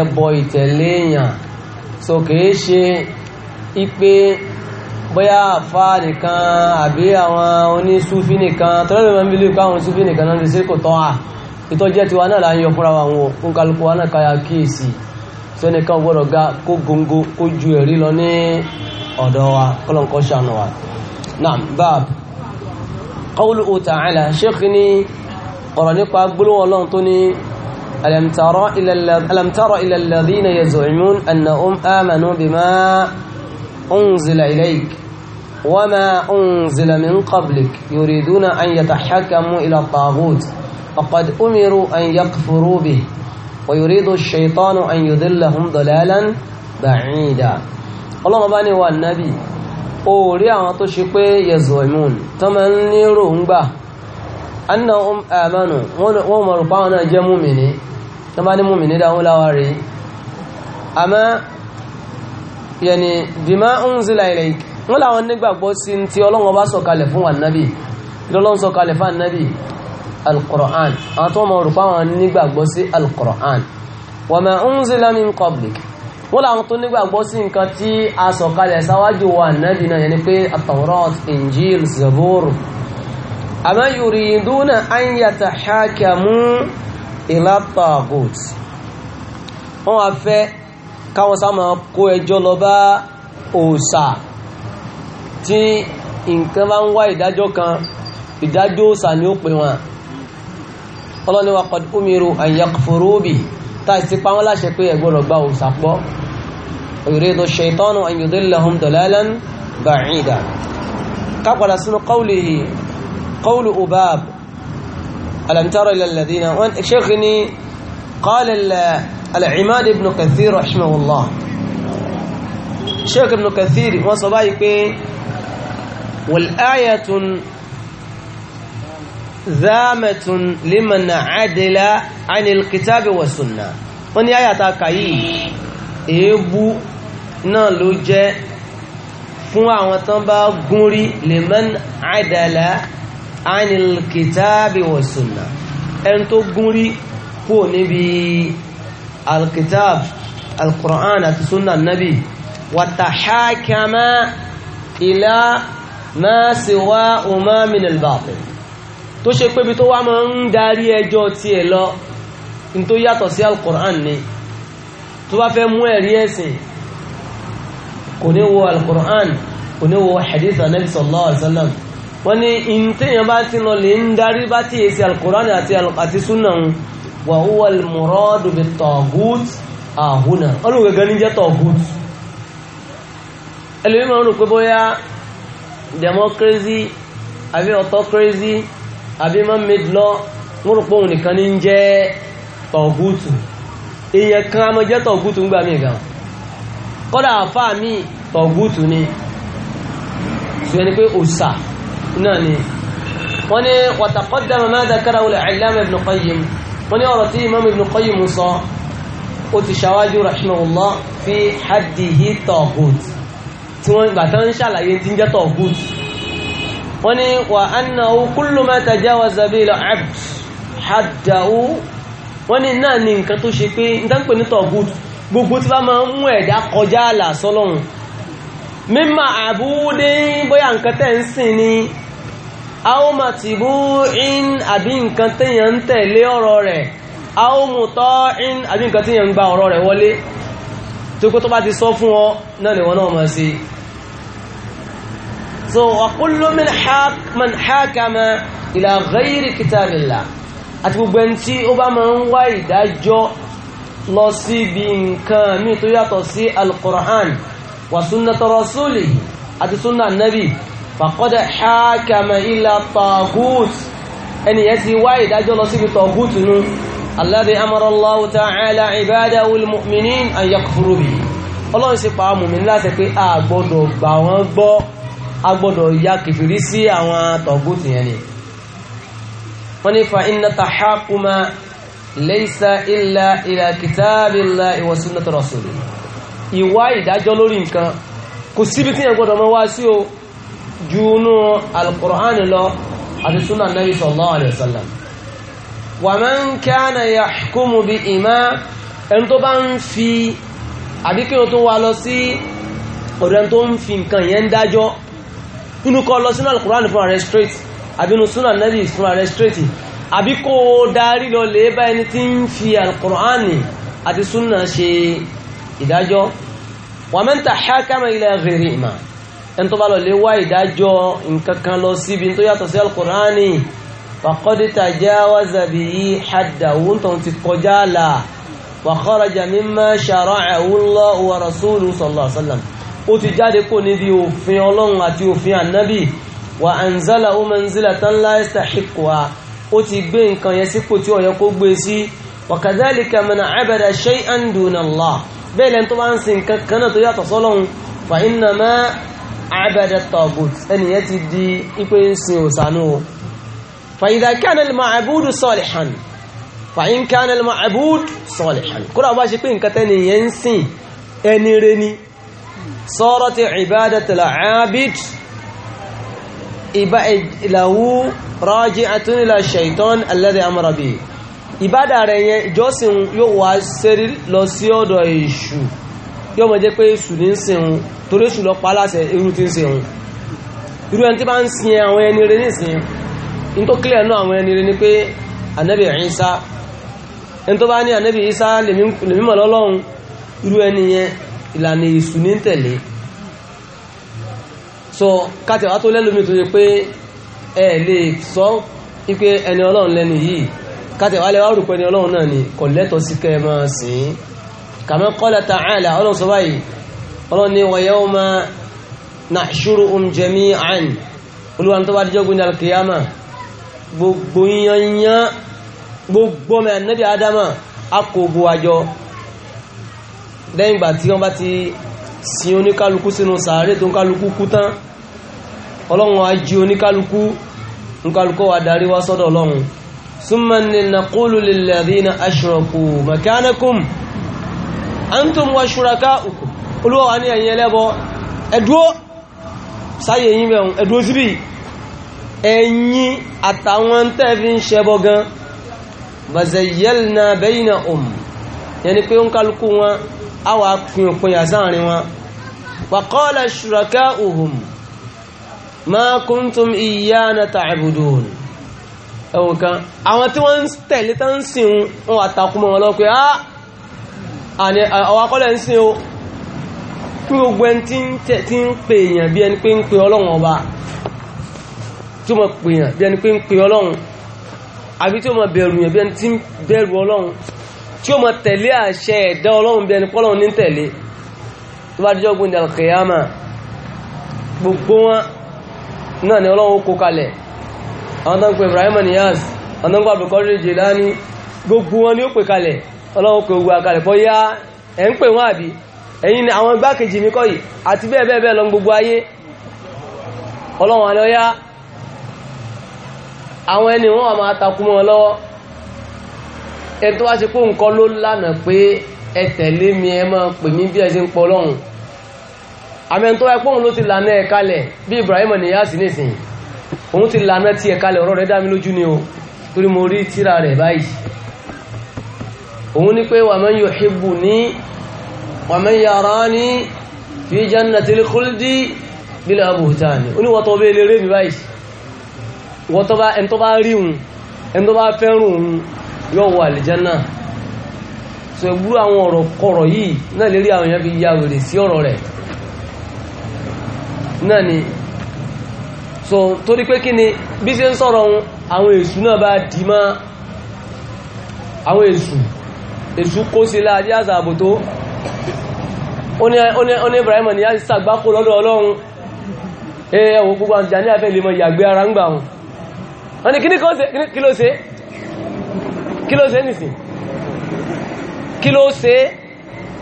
ẹbọ ìtẹ̀léèyàn so kìí ṣe ipe bóyá àfá nìkan àbí àwọn onísúfí nìkan tọ́lọ́lọ́mọ́ ń bí lè kọ́ onísúfí nìkan náà ní ṣíríkù tọ́à ìtọ́ jẹ́ tiwa náà láyọ fúnra wa wọn fún kálukú wa náà káyà kíyèsí sẹ́nìkan gbọ́dọ̀ ga kó góńgó kó ju ẹ̀rí lọ ní ọ̀dọ̀ wa kọ́lọ̀kọ́ ṣàánú wa naam bab qawluhu ta'ala sheikh ni ọ̀rọ̀ nípa gbólóhùn ọlọ́run tó ní alam tara ila alladhina yaz'umun annahum amanu bima unzila ilayk wa ma unzila min qablik yuriduna an yatahakamu ila taghut فقد أمروا أن يكفروا به ويريد الشيطان أن يذلهم ضلالا بعيدا الله مباني والنبي أولي عطشق يزعمون تمنيرهم به أنهم آمنوا وهم ربعنا جمؤمني تمني مؤمني دعوا لواري أما يعني بما أنزل إليك ولا أنك بقبوسين تيولون وباسو كالفون والنبي تيولون سو كالفان النبي al-Qur'an àwọn tó mọ̀ rúpa wọn nígbàgbọ́ sí al-Qur'an wa ma unzila min qablik wọ́n làwọn tó nígbàgbọ́ sí nǹkan tí a sọ̀kalẹ̀ sáwájú wa nàbì náà yẹn ni pé at-Tawrat Injil Zabur àmọ́ yuriduna an yatahakamu ila at-taghut wọ́n wá fẹ́ káwọn sá máa kó ẹjọ́ lọ bá òòṣà tí nǹkan bá ń wá ìdájọ́ kan ìdájọ́ òòṣà ni ó pè wọn ọlọ́ni wa qad umiru an yakfuru bi táà sí pa wọ́n láṣẹ pé ẹ̀gbọ́dọ̀ gba òsàpọ̀ yuridu shaytanu an yudillahum dalalan ba'ida kápadà sínú qawlihi qawlu ubab alam tara ila alladhina wọn sheikh ni qala al-imad ibn kathir rahimahullah sheikh ibn kathir wọ́n sọ báyìí pé wal zametun liman adila anil kitabi wa sunna wọ́n ní ayata kayi èébú náà ló jẹ́ fún àwọn tán bá gúnrí liman adala anil kitabi wa sunna ẹni tó gúnrí kò níbi alkitab alquran àti sunna nabi watahakama ila ma siwa umar min albatil tó ṣe pé ibi tó wá máa ń darí ẹjọ́ tiẹ̀ lọ ní tó yàtọ̀ sí alukur'an ni tó bá fẹ́ mú ẹ̀rí ẹ̀sìn kò ní wo alukur'an kò ní wo hadith anabi sallallahu alayhi wọ́n ní ìntẹ́yìn bá ti lọ lè ń darí bá ti yẹ sí alukur'an àti sunna wa huwa al-muradu bi taghut ahuna ọlọ́run gẹ́gẹ́ ní jẹ́ taghut ẹlòmíràn rò pé bóyá democracy àbí autocracy àbí imam midlọ wọ́n rò pé òun nìkan ní ń jẹ́ tọ̀gútù èèyàn kan a mọ́ jẹ́ tọ̀gútù ń gbà mí gan kọ́dà àfà mi tọ̀gútù ni ṣùgbọ́n ni pé òsà náà ni wọ́n ní wàtàkọ́dàmà máa dákára wọlé àìlàmà ibn qayyim wọ́n ní ọ̀rọ̀ tí imam ibn qayyim sọ ó ti ṣàwájú rahimahullah fi hadihi tọ̀gútù tí wọ́n gbà tán ń ṣàlàyé tí ń jẹ́ tọ̀gútù wọ́n ní wà annahu kullu ma tajawaza bil abd haddahu wọ́n ní náà ní nǹkan tó ṣe pé nǹkan pè ní tọ̀gùd gbogbo tí bá máa ń mú ẹ̀dá kọjá àlà sọ́lọ́run mímọ àbúdé bóyá nǹkan tẹ̀ ń sìn ni àwọn màtìbú in àbí nǹkan tẹ̀yàn ń tẹ̀lé ọ̀rọ̀ rẹ̀ àwọn in àbí nǹkan tẹ̀yàn ń gba ọ̀rọ̀ rẹ̀ wọlé tó kó tó bá ti sọ fún ọ náà ni wọn náà mọ̀ sí so ọkùnlò man hákàmà ìlà ghairi kitabillah àti gbogbo ẹni tí ó bá máa ń wá ìdájọ́ lọ sí ibi nǹkan mí tó yàtọ̀ sí alkùrán wà sunnata rasúlì àti súnà nabi fàkọ́dẹ̀ hákàmà ìlà tàgùt ẹni yẹn ti wá ìdájọ́ lọ sí ibi tàgùt nù alladhi amara Allahu ta'ala ibadahu al-mu'minin ọlọ́run sì pa á láti pé a gbà wọ́n gbọ́ a gbọ́dọ̀ ya kìfìrí sí àwọn tọ̀gútù yẹn ni wọ́n ní fa inna tahakuma laysa illa ila kitabillahi wa sunnati rasuli ìwá ìdájọ́ lórí nǹkan kò síbi tí yẹn gbọ́dọ̀ mọ́ wá sí o ju inú alkùránì lọ àti súnà nabi sallallahu alaihi wasallam wa man kana yahkumu bi ima ẹni tó bá ń fi àbíkí tó wá lọ sí ọ̀dọ̀ tó ń fi nǹkan yẹn dájọ́ inú kọ́ lọ sínú alukurani fún ààrẹ straight àbí inú súnà nẹ́bì fún ààrẹ straight àbí kó o darí lọ lè bá ẹni tí ń fi alukurani àti súnà ṣe ìdájọ́ wa man tahakama ila ghairi ìmà ẹni tó bá lọ lè wá ìdájọ́ nǹkan kan lọ síbi tó yàtọ̀ sí alukurani faqad tajawaza bihi haddahu tó ti kọjá là wa kharaja mimma shara'ahu wa rasuluhu sallallahu alaihi ó ti jáde kó níbi òfin ọlọ́run àti òfin ànábì wà anzala ó manzilatan la yastahiqquha ó ti gbé nǹkan yẹn sípò tí ó yẹ kó gbé sí wa kadhalika man abada shay'an duna Allah bẹ́ẹ̀ lẹ́nu tó bá ń sin nǹkan kan náà tó yàtọ̀ sọ́lọ́run ṣe pé ẹni rẹ ni صارت عبادة العابد له راجعة إلى الشيطان الذي أمر به ìbádà rẹ̀ yẹn ìjọsìn yóò wá sẹ́rí lọ sí ọ̀dọ̀ èṣù yóò mọ̀ jẹ́ pé èṣù ní ń sìn torí èṣù lọ pa aláṣẹ irú tí ń sìn irú ẹni tí bá ń sin àwọn ẹni rẹ̀ nísìn in tó kílẹ̀ náà àwọn ẹni rẹ̀ ni pé ànábì Ìsá ẹni tó bá ní ànábì Ìsá lèmímọ̀ lọ́lọ́run irú ẹni yẹn ìlànà èṣù ní tẹ̀lé so káti wá tó lẹ́lómi tó ṣe pé ẹ lè sọ wípé ẹni ọlọ́run lẹ́ni yìí káti wá lẹ́wà rúpẹ́ ẹni ọlọ́run náà ni kò lẹ́tọ̀ sí kẹ́ ẹ máa sìn kama qala ta'ala ọlọ́run sọ báyìí ọlọ́run ni wa yawma nahshuruhum jami'an olúwa tó bá dijọ́ gbé ní alkiyama gbogbo yanyan gbogbo mẹ́ anábì adama akọ̀gbọ̀ àjọ lẹ́yìn ìgbà tí wọ́n bá ti sin oníkálukú sínú sàárè tó ń kálukú kú tán ọlọ́run á jí oníkálukú nkálukú wa darí wá sọ́dọ̀ ọlọ́run summa naqulu lilladhina ashraku makanakum antum wa shurakaukum olúwa wà ní ẹ̀yìn ẹlẹ́bọ ẹ̀dúó sáyẹ̀ yìí bẹ̀rún ẹ̀dúó síbí ẹ̀yìn àtàwọn tẹ́ẹ̀fí ń ṣẹbọ gan bazayyalna baynahum yẹni pé ń kálukú wọn a wà pín òpin àsáàrin wọn wàkọ́ọ̀lá ṣùràká òhùn máa kúntùm ìyá na ta'budun ẹ̀wọ̀n kan àwọn tí wọ́n ń tẹ̀lé tán ń sìn wọn àtàkùn mọ́ wọn lọ pé ah, àwọn akọ́lẹ̀ ń sìn o kí gbogbo ẹni tí ń pè èèyàn bí ẹni pé ń pè ọlọ́run ọba tí ó mọ̀ pè èèyàn bí ẹni pé ń pè ọlọ́run àbí tí ó mọ̀ bẹ̀rù èèyàn bí ẹni tí ń bẹ̀rù ọlọ́run tí ó ma tẹ̀lé àṣẹ ẹ̀dá ọlọ́run bí ẹni pọ́lọ́run ní tẹ̀lé tó bá díjọ́ gbogbo wọn náà ni ọlọ́run kó kalẹ̀ àwọn tó ń pè Ibrahim Niyaz àwọn tó ń pè gbogbo wọn ni ó pè kalẹ̀ ọlọ́run kó gbogbo yá ẹ̀ ń pè wọ́n àbí àwọn ẹni wọn wà máa ẹ tó wá ṣe pé nǹkan ló lánàá pé ẹ tẹ̀lé mi ẹ máa pè mí bí ẹ ṣe ń pọ lọ́hùn àmẹ́ntó ẹ pọ́hùn ló ti lànà ẹ kalẹ̀ bí Ibrahim Niyas nísìnyí òun ti lànà tí ẹ kalẹ̀ ọ̀rọ̀ rẹ dá mi lójú ni o torí mo rí tíra rẹ̀ báyìí òun ní pé wa man yuhibbuni wa man yarani fi jannatil khuldi bila buhtani oníwọ́tọ̀ bẹ́ẹ̀ lè rí mi báyìí wọ́tọ́ bá ẹni bá rí òun ẹni bá fẹ́ràn òun yóò wọ àlìjánà so ìwúrú àwọn ọ̀rọ̀ kọ̀rọ̀ yìí náà lè rí àwọn èèyàn fi ya wèrè sí ọ̀rọ̀ rẹ̀ náà ni so torí pé kí ni bí ṣe ń sọ̀rọ̀ ohun àwọn èṣù náà bá dì má àwọn èṣù èṣù kó sí láàájí àṣà àbòtó ó ní Ibrahim ni a ti sàgbákò lọ́dọ̀ Ọlọ́run ẹ̀ẹ́wò gbogbo àjá ní àfẹ́ lè mọ ìyàgbé ara ń gbà hùn wọ́n ni kí ló ṣe kí ló ṣe nìsín kí ló ṣe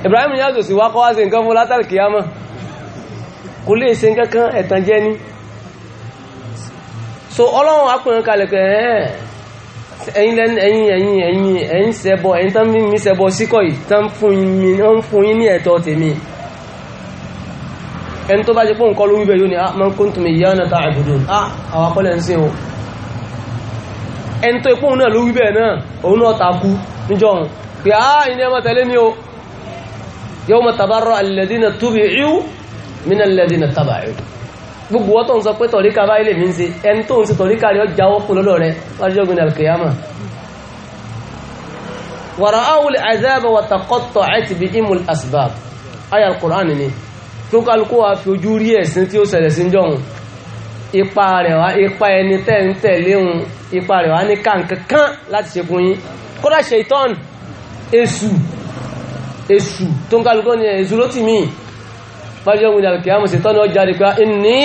Ibrahim Niass sì wá kọ́ wá ṣe nǹkan fún látàrí kìyàmọ́ kò lè ṣe nǹkan ẹ̀tàn jẹ́ ní so ọlọ́run apẹ̀rẹ̀ kalẹ̀ pé ẹ̀yìn lẹ́nu ẹ̀yìn ẹ̀yìn ẹ̀yìn ẹ̀yìn sẹ́bọ̀ ẹ̀yìn tán mímí sẹ́bọ̀ síkọ̀ yìí tán fún yín ní ẹ̀tọ́ tèmi ẹni tó bá jẹ́ pé òun kọ́ ló wíbẹ̀ yóò ní ah man kuntum iyyana ta'budun ah àwọn akọ́lẹ̀ ń sìn o ẹni tó ipò òun náà ló wí bẹ́ẹ̀ náà òun náà takú níjọ́ òun pé á ah, ìní ẹmọ tẹ̀lé ní o yóò mọ tabarọ alẹ́dínà tóbi ìwú mínà alẹ́dínà tàbà ìwú gbogbo wọ́n tó ń sọ pé tọ̀ríkà bá ilé mi ń se ẹni tó ń se tọ̀ríkà rẹ̀ jáwọ́ kú lọ́dọ̀ rẹ̀ wájọ́gbìn alkiyama wàrà áwùl àzáàbà wà takọ́tọ̀ àti bí imul asbab ayal qur'an ni tó kálukú wa fi ojú rí ẹ̀sìn tí ó ṣẹlẹ̀ sí jọ̀hún ipa rẹ̀ wá ipa ẹni tẹ́ ń tẹ̀lé òun ipa rẹ̀ wá ní kàǹkankan láti ṣẹ́gun yín kódà ṣèitán èṣù èṣù tó ń kálukọ́ ni èṣù ló ti mí pàṣẹ òun ìdàlùkì àmọ̀ ṣèitán ọjà rẹ̀ pé ní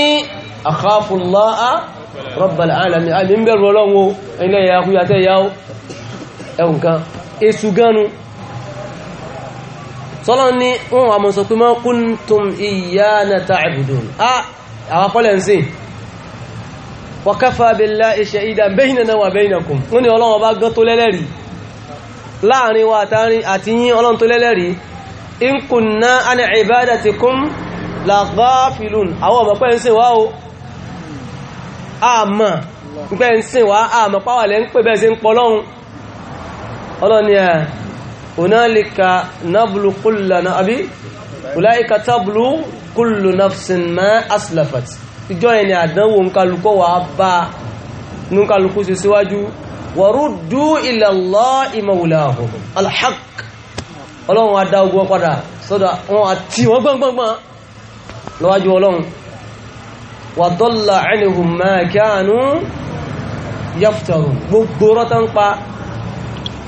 àkàfùláà rọ́bàlá àlàmì àmì ń bẹ̀rù ọlọ́wọ́ ilẹ̀ ìyá akúyà tẹ́ ìyá ẹ̀wùn kan èṣù gánu sọ́lọ́ ní wọn àmọ̀ sọ pé mọ́ kúntùm ìyá na ta'budun ah àwọn akọ́lẹ̀ ń sìn wa kafa billahi shahidan baynana wa baynakum wọ́n ni ọlọ́run bá gán tó lẹ́lẹ́rìí láàrin wa àti yín ọlọ́run tó lẹ́lẹ́rìí in kunna an ibadatikum la ghafilun àwọn ọmọ pẹ́ ń sìn wá o àmà pẹ́ ń ìjọ ẹni àdánwò nkálukọ́ wà bá nkálukú sí síwájú waruddu ila Allahi mawlahum alhaq ọlọ́run adá ogun padà sọ́dọ̀ wọn àti wọn gbọ́ngbọ́ngbọ́n lọ́wájú ọlọ́run wa dalla anhum ma kanu yaftarun gbogbo rọ́ta ń pa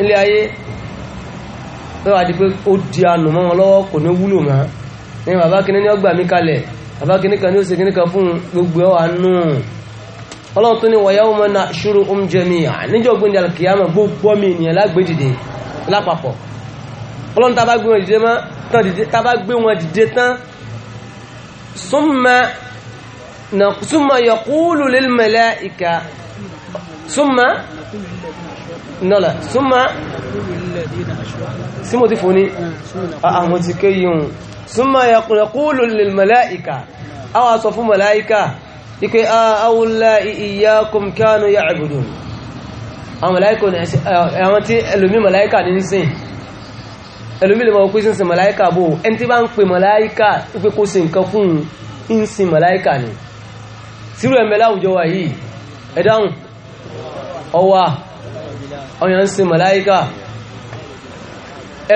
ilé ayé pẹ́wàá di pé ó di ànùmọ́ wọn lọ́wọ́ bàbá kìnnìkan ni ó ṣe kìnnìkan fún gbogbo ẹ̀ wà nù ọlọ́run tó ní wa yawma nahshuruhum jami'a níjọ́ gbé ní alkiyama gbogbo mi ènìyàn lágbé dìde lápapọ̀ ọlọ́run tá bá gbé wọn dìde mọ́ tán dìde tá bá gbé wọn dìde tán summa yaqulu lil mala'ika summa nọ́lá summa sí mo ti fò ní àwọn ah, ah, ti kéyìn súnmọ́ yaqulu lil màláìkà àwọn sọ fún màláìkà ike àwùlá iyyakum kanu ya'budun àwọn màláìkà ní àwọn tí ẹlòmí màláìkà ní ń sìn ẹlòmí lè mọ̀ pé sínsìn màláìkà bò ẹni tí bá ń pè màláìkà pé kó sin nǹkan fún ń sin màláìkà ni sírù ẹ̀mẹ́ láwùjọ wà yìí ẹ̀dáhùn ọwà ọ̀yàn sin màláìkà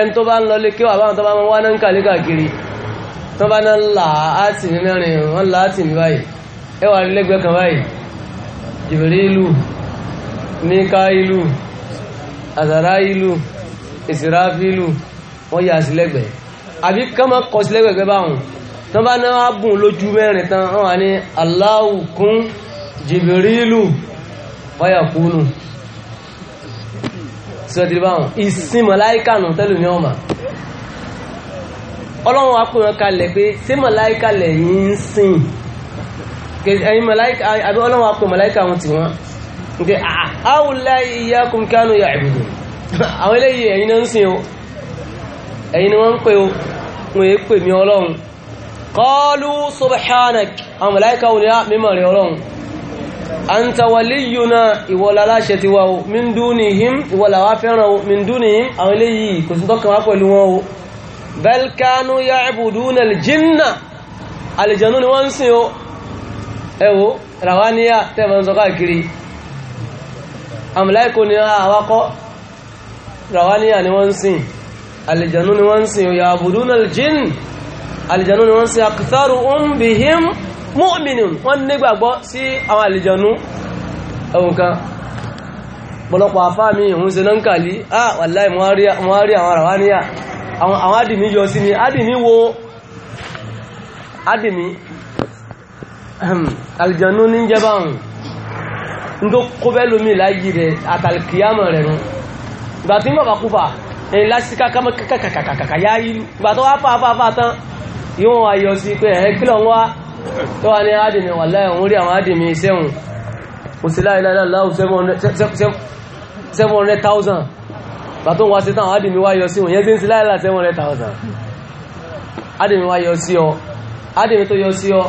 ẹni tó bá ń lọ lé kíwà báwọn tó bá wọn wá náà ń kàlé káàkiri tó bá náà ńlá áàtì ní mẹ́rin wọ́n ńlá áàtì ní báyìí ẹ wà kan báyìí Jibrilu Mikailu Azarailu Israfilu wọ́n yà sí lẹ́gbẹ̀ẹ́ àbí kọ́mọ kọ sí lẹ́gbẹ̀ẹ́ báwọn tó bá náà bùn lójú mẹ́rin tán wọ́n wà ní Allahu kún Jibrilu wáyà kúnù sọ́dí báwọn ìsìn màláíkà nù tẹ́lùmí ọmọ ọlọ́run wa pè wọn kalẹ̀ pé ṣé màláìka lẹ̀ yín ń sìn ẹ̀yin màláìka àbí ọlọ́run wa pè màláìka wọn tì wọ́n nke àwùlá iyyakum kanu ya'budun àwọn eléyìí ẹ̀yin náà ń sìn o ẹ̀yin ni wọ́n ń pè o wọ́n yé pè mí ọlọ́run qalu subhanak àwọn màláìka wọn ni á mímọ̀ rẹ̀ ọlọ́run anta waliyuna ìwọlá aláṣẹ ti wá o min dunihim ìwọlá wa fẹ́ràn o min dunihim àwọn eléyìí kò sí tọ́kàn wá pẹ̀lú wọn o bal kanu ya'buduna al-jinna àlìjànú ni wọ́n ń sìn ó ẹ̀wò ràwáníyà tẹ́mọ̀ ń sọ káàkiri àmìláìkò ni àwákọ́ ràwáníyà ni wọ́n ń sìn àlìjànú ni wọ́n ń sìn ya'buduna al-jinn àlìjànú ni wọ́n ń sìn aktharuhum bihim mu'minun wọ́n nígbàgbọ́ sí àwọn àlìjànú ẹ̀wọ̀n kan pọ̀lọpọ̀ àfáà mi náà ń kàlí ah mọ́ rí àwọn ràwáníyà àwọn adìmí yọ sí ni adìmí wo adìmí alìjànú ní jẹba ọ̀hún ní tó kó bẹ́ lómi láyé rẹ̀ àtàlìkìyàmọ̀ rẹ̀ nù ìgbà tí wọ́n bá kú fà ẹ̀ lásìkà kàkàkàkàkà yá yìí ìgbà tó wá fàáfàá tán yíwọ́n wá yọ sí pé ẹ̀ kílọ̀ wá tó wá ní adìmí wà láyé òun rí àwọn bàtó wá sí táwọn adìmí wá yọ sí wọn yẹn tí ń sí láìlá 700,000 adìmí wá yọ sí ọ adìmí tó yọ sí ọ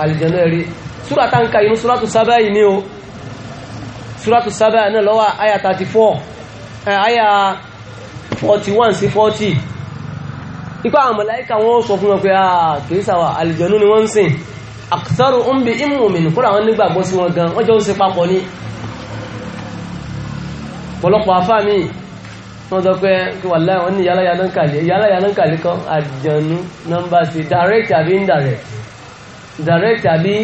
àlìjẹ̀nà rí súra táǹkà inú súra tó yìí ní o súra tó sábà náà lọ́wọ́ àyà 34 àyà 41 sí 40 ipá àwọn màláíkà wọ́n sọ fún wọn pé kìrìsàwà àlìjẹ̀nà ni wọ́n ń sìn àkùsọ́rù ń bí ìmùmìnì kúrò àwọn nígbàgbọ́ sí wọn gan wọ́n jọ ń ṣe papọ̀ ni pọ̀lọpọ̀ afá mi wọ́n sọ pé kí wà láì wọ́n ní yálàyà náà kàlẹ́ yálàyà náà kàlẹ́ kan àjànú nọ́mbà sí direct àbí indirect direct àbí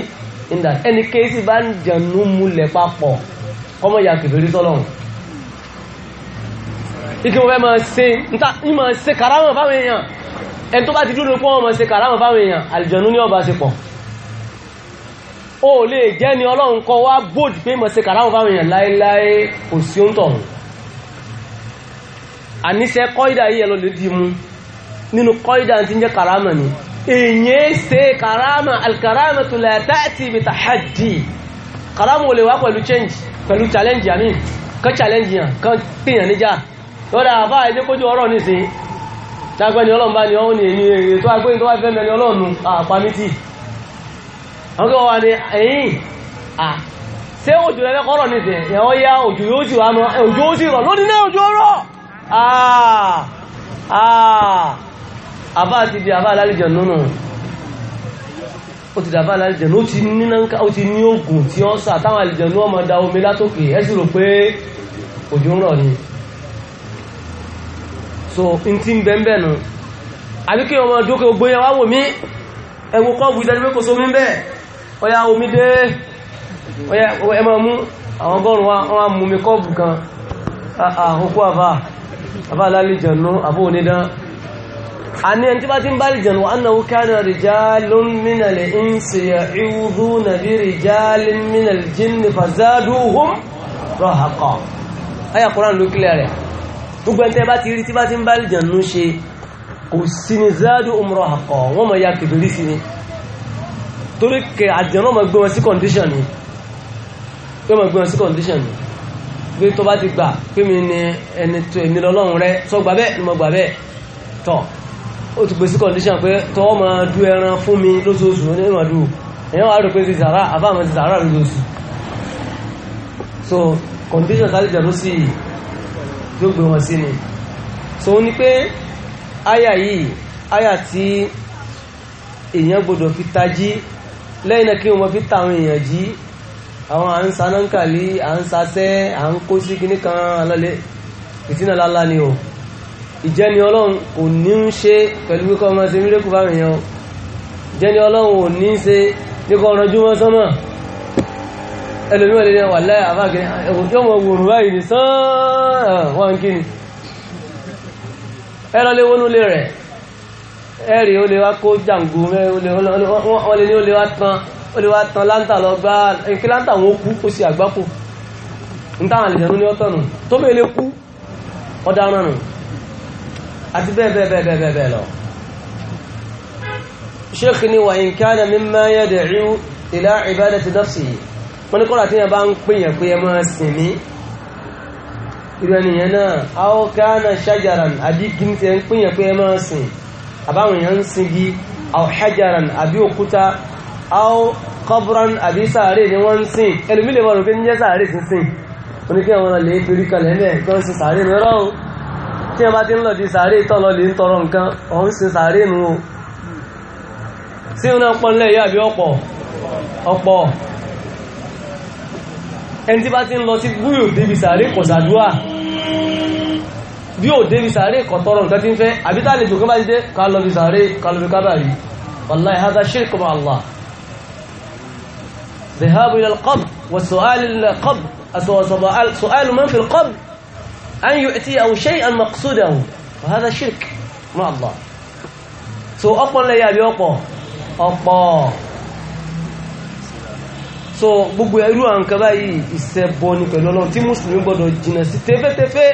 indirect ẹni kéésì bá ń jànú múlẹ̀ papọ̀ kọ́mọ ya kìfèrí sọ́lọ́run ike wọ́n fẹ́ máa ṣe níta ní máa ṣe kàrámà fáwọn èèyàn ẹni tó bá ti dúró pé wọ́n máa ṣe kàrámà fáwọn èèyàn àlìjànú ní ọba ṣe pọ̀ o lè jẹ́ ni ọlọ́run kọ́ wá gbòdì pé máa ṣe kàrámà fáwọn èèyàn láéláé kò sí ó ń àníṣẹ́ kọ́ìdà yìí ẹlọ́lẹ̀ dì mú nínú kọ́ìdà tí ń jẹ́ karama ni èyàn ṣe karama alkarama tó la ta'ti bi tahaddi karama olè wá pẹ̀lú change pẹ̀lú challenge àmì kan challenge yàn kan pèèyàn níjà lọ́dà àbá ẹjẹ́ kójú ọ̀rọ̀ nìsín tágbẹ́ni ọlọ́mbá ni ọ́n ni èmi èrè tó agbóyin tó wá a mẹ́ni ọlọ́nu àpamítì àwọn kí Se wá ní ẹ̀yìn à ṣé òjò lẹ́lẹ́kọ́rọ̀ nìsín ẹ̀họ́ yá òjò yóò sì rọ̀ lónìí náà òjò rọ̀ Aa ah. ah. àà àbá ti di àbá alálejò nínú ó ti dàbá alálejò ó ti ní náà ó ti ní oògùn tí ó sà táwọn àlejò ní ọmọ da omi látòkè ẹ sì rò pé òjò ń rọ̀ ni so n ti ń bẹ́ẹ̀ bẹ́ẹ̀ nù àbí kí ọmọ dókè gbé yẹn wá wò mí ẹwọ kọ́ọ̀bù ìdájọ́ pé kò sómi bẹ́ẹ̀ ọya omi dé ẹ máa kan ah, àbá alálìjànú àbó onídán a ní ẹni tí bá ti ń bá lìjànú wa annahu kana rijalun minal insi ya'udhuna bi rijalin minal jinni fazaduhum rahaqa ayà kúrán ló kílẹ̀ rẹ̀ gbogbo ẹni tẹ́ bá ti rí tí bá ti ń bá lìjànú ṣe kò sí ni zaduhum rahaqa wọ́n mọ̀ ya kìbìrì sí ni torí kẹ àjẹ̀nú ọmọ gbé sí condition ni pé tó bá ti gbà pé mi ni ẹni tó èmi lọ́lọ́run rẹ sọ gbà bẹ́ẹ̀ ni mo gbà bẹ́ẹ̀ tọ̀ ó ti pèsè condition pé tọ́wọ́ máa du ẹran fún mi lóṣooṣù ní ìmọ̀dù èèyàn wà rò pé ti sàrà àbá àwọn ti sàrà lóṣooṣù so condition sáré jẹ̀ ló sì yóò gbé wọn sí ni so ó ní pé àyà yìí àyà tí èèyàn gbọdọ̀ fi tají lẹ́yìn náà kí wọ́n fi ta àwọn èèyàn jí àwọn à ń sa nánkàlí à ń sasẹ́ à ń kó sí kíní kan alálẹ́ ìtínà lálá ni o ìjẹni ọlọ́run kò ní ń ṣe pẹ̀lú kíkọ́ ọmọ ṣe mílẹ́kù bá rìn ìjẹni ọlọ́run ò ní ṣe kíkọ́ ọ̀rọ̀ jú sánmà ẹlòmí wà láì àbáàkẹ́ òjò wọn báyìí ní sán wọn kí ni ẹ lọlé wọnú lé rẹ ẹ rí ó lè wá kó jàǹgù rẹ ó ó lè wá tan láńtà lọ gbá ẹ̀kí láńtà wọn kú kó sí àgbákò ń táwọn àlejò ní ọ̀tọ̀ nù tó bẹ́ẹ̀ lè kú ọ̀daràn nù àti bẹ́ẹ̀ bẹ́ẹ̀ bẹ́ẹ̀ bẹ́ẹ̀ bẹ́ẹ̀ lọ. sheikh ni wa in kana mimma yad'u ila ibadati nafsihi wọ́n ní kọ́lá tí yẹn bá ń pè yẹn àbáwọn èèyàn ń sin gi aw hajaran àbí òkúta áwọ́ kọ́bùrán àbí sàárè ni wọ́n ń sìn ẹlùmí lè wọ́n rò pé ń jẹ́ sàárè sí sìn oníkẹ́ wọn lè torí kalẹ̀ ẹ̀ ti ń di sàárè tọlọ lè ń tọrọ nǹkan ọ̀hún sin sàárè o sí iná pọ́nlẹ̀ yóò àbí ọ̀pọ̀ ọ̀pọ̀ ẹni tí ti ń lọ sí yóò débi bí yóò débi tọrọ nǹkan ń àbí tá bá ti dé ká bí ذهاب إلى القبر وسؤال القبر سؤال من في القبر أن يؤتي أو شيئا مقصوده وهذا شرك مع الله so ọ̀pọ̀ lẹ́yà bí ọ̀pọ̀ ọ̀pọ̀ so gbogbo ẹrú àǹkan báyìí ìṣẹbọ ní pẹ̀lú ọlọ́run tí mùsùlùmí gbọ́dọ̀ jìnà sí tẹ́fẹ́tẹ́fẹ́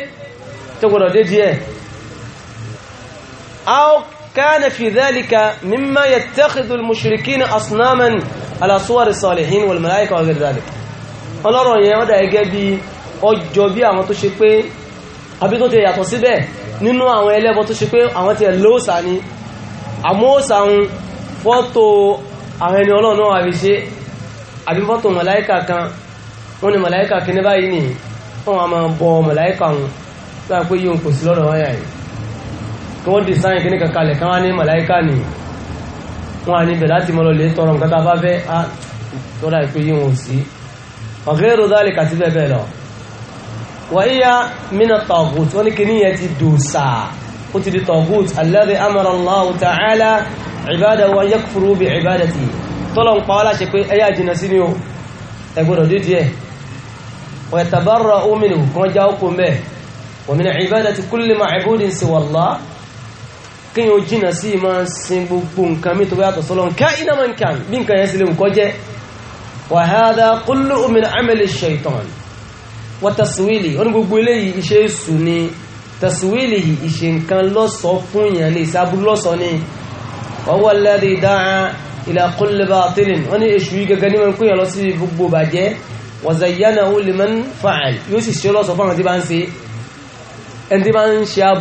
tó gbọ́dọ̀ dé díẹ̀ كان في ذلك مما يتخذ المشركين أصناما على صور الصالحين والملائكة وغير ذلك ọlọ́rọ̀ yẹn wọ́n dáa gẹ́gẹ́ bí ọjọ́ bí àwọn tó ṣe pé àbí tó ti yàtọ̀ síbẹ̀ nínú àwọn ẹlẹ́bọ tó ṣe pé àwọn ti lóòsà ni àmóòsà ń fọ́tò àwọn ẹni ọlọ́run náà ṣe àbí fọ́tò màláíkà kan wọ́n ni màláíkà kí ní báyìí nìyí wọ́n kí wọ́n design kíní kankalẹ̀ kí wọ́n ní màláíkà ni wọ́n á níbẹ̀ láti mọ́ lọ lè tọrọ nǹkan tá a bá fẹ́ á tọ́lá ìpé yíwọ̀n ò sí ọ̀gẹ́rù dáàlì kàti bẹ́ẹ̀ lọ wà íyá mina tọ̀gùt wọ́n ní kíní yẹn ti dùsà ó ti di tọ̀gùt alladhi amara Allahu ta'ala ibadahu wa yakfuru bi ibadati tọ́lọ̀ ń pa wá láṣẹ pé ẹyà jìnà sí ni ó ẹgbọ́dọ̀ dídí ẹ̀ wọ́n yẹ tabarra ó kí yíò jìnà sí ma sin gbogbo nǹkan mi tó bá yàtọ̀ sọ́lọ́n ká iná ma ń kàn bí nǹkan yẹn sí lè kọ́ jẹ́ wa hadha kullu min amali shaitan wa taswili wọn gbogbo eléyìí iṣẹ́ èṣù ni taswili ìṣe nǹkan lọ́sọ̀ fún yàn ní ìsábú lọ́sọ̀ ni huwa alladhi da'a ila kulli batilin wọn ni èṣù yìí gẹ́gẹ́ ní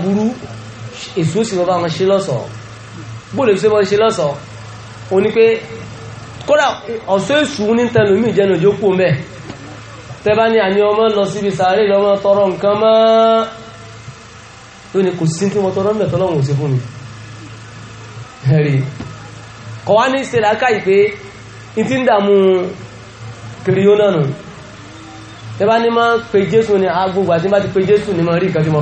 wọn èso sì bọ́bá wọn ṣe lọ́sọ̀ọ́ bóòlù ṣe bọ́ ṣe lọ́sọ̀ọ́ o ní pé kódà ọ̀sọ́ èṣù ní tẹnu mí jẹnu ìjókù mẹ́ tẹ́bá ní àní ọmọ lọ síbi sàárè lọ́mọ tọrọ nǹkan mọ́ tó ní kò sí tí mo tọrọ mẹ́ tọ́lọ́run ò sí fún mi ẹ̀rí kọ̀ wá ní ṣe làákàyè pé n ti ń dààmú kiri yóò náà nù tẹ́bá ní máa pe Jésù ní agbógbà tí bá ti pe Jésù ní máa rí ìkan tí mo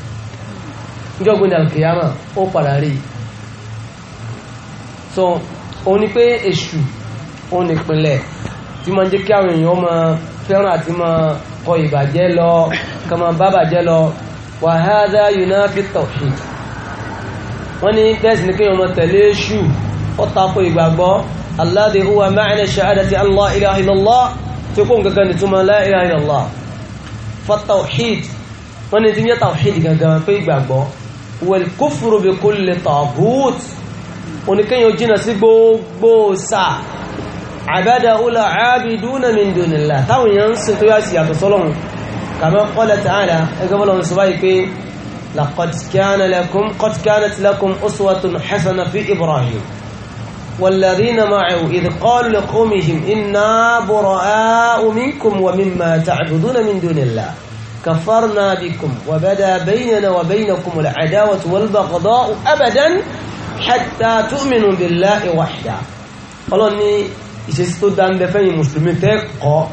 jọ́gbìn alkiyama ó padà rí so òun ni pé èṣù òun nìpínlẹ̀ tí máa ń jẹ́ kí àwọn èèyàn máa fẹ́ràn àti máa kọ ìbàjẹ́ lọ kọ́ máa bá bàjẹ́ lọ wa hadha yunafi tawhid wọ́n ní bẹ́ẹ̀sì ní kéèyàn máa tẹ̀lé èṣù ó tako ìgbàgbọ́ alladhi huwa ma'na shahadati allah ilaha illallah tí kò ń gangan ní túnmọ̀ la ilaha illallah fa wọ́n ní tí ń yẹ tawhid gangan pé ìgbàgbọ́ wẹ̀lkúfùrù bí kò lè tọ̀gùt oníkẹ́yìn ojínà sí gbogbo sà àbádà ọlá àbìdúnà mìndùnìlá táwọn èèyàn ń sin tó yá sí yàtọ̀ sọ́lọ́run kàmá qala ta'ala ẹgbẹ́ bọ́lọ́run sọ báyìí pé laqad kana والذين معه إذ قالوا لقومهم إنا براء منكم ومما تعبدون من دون الله كفرنا بكم وبدا بيننا وبينكم العداوة والبغضاء أبدا حتى تؤمنوا بالله وحده قالوا أني يسيستو دان بفين مسلمين تقو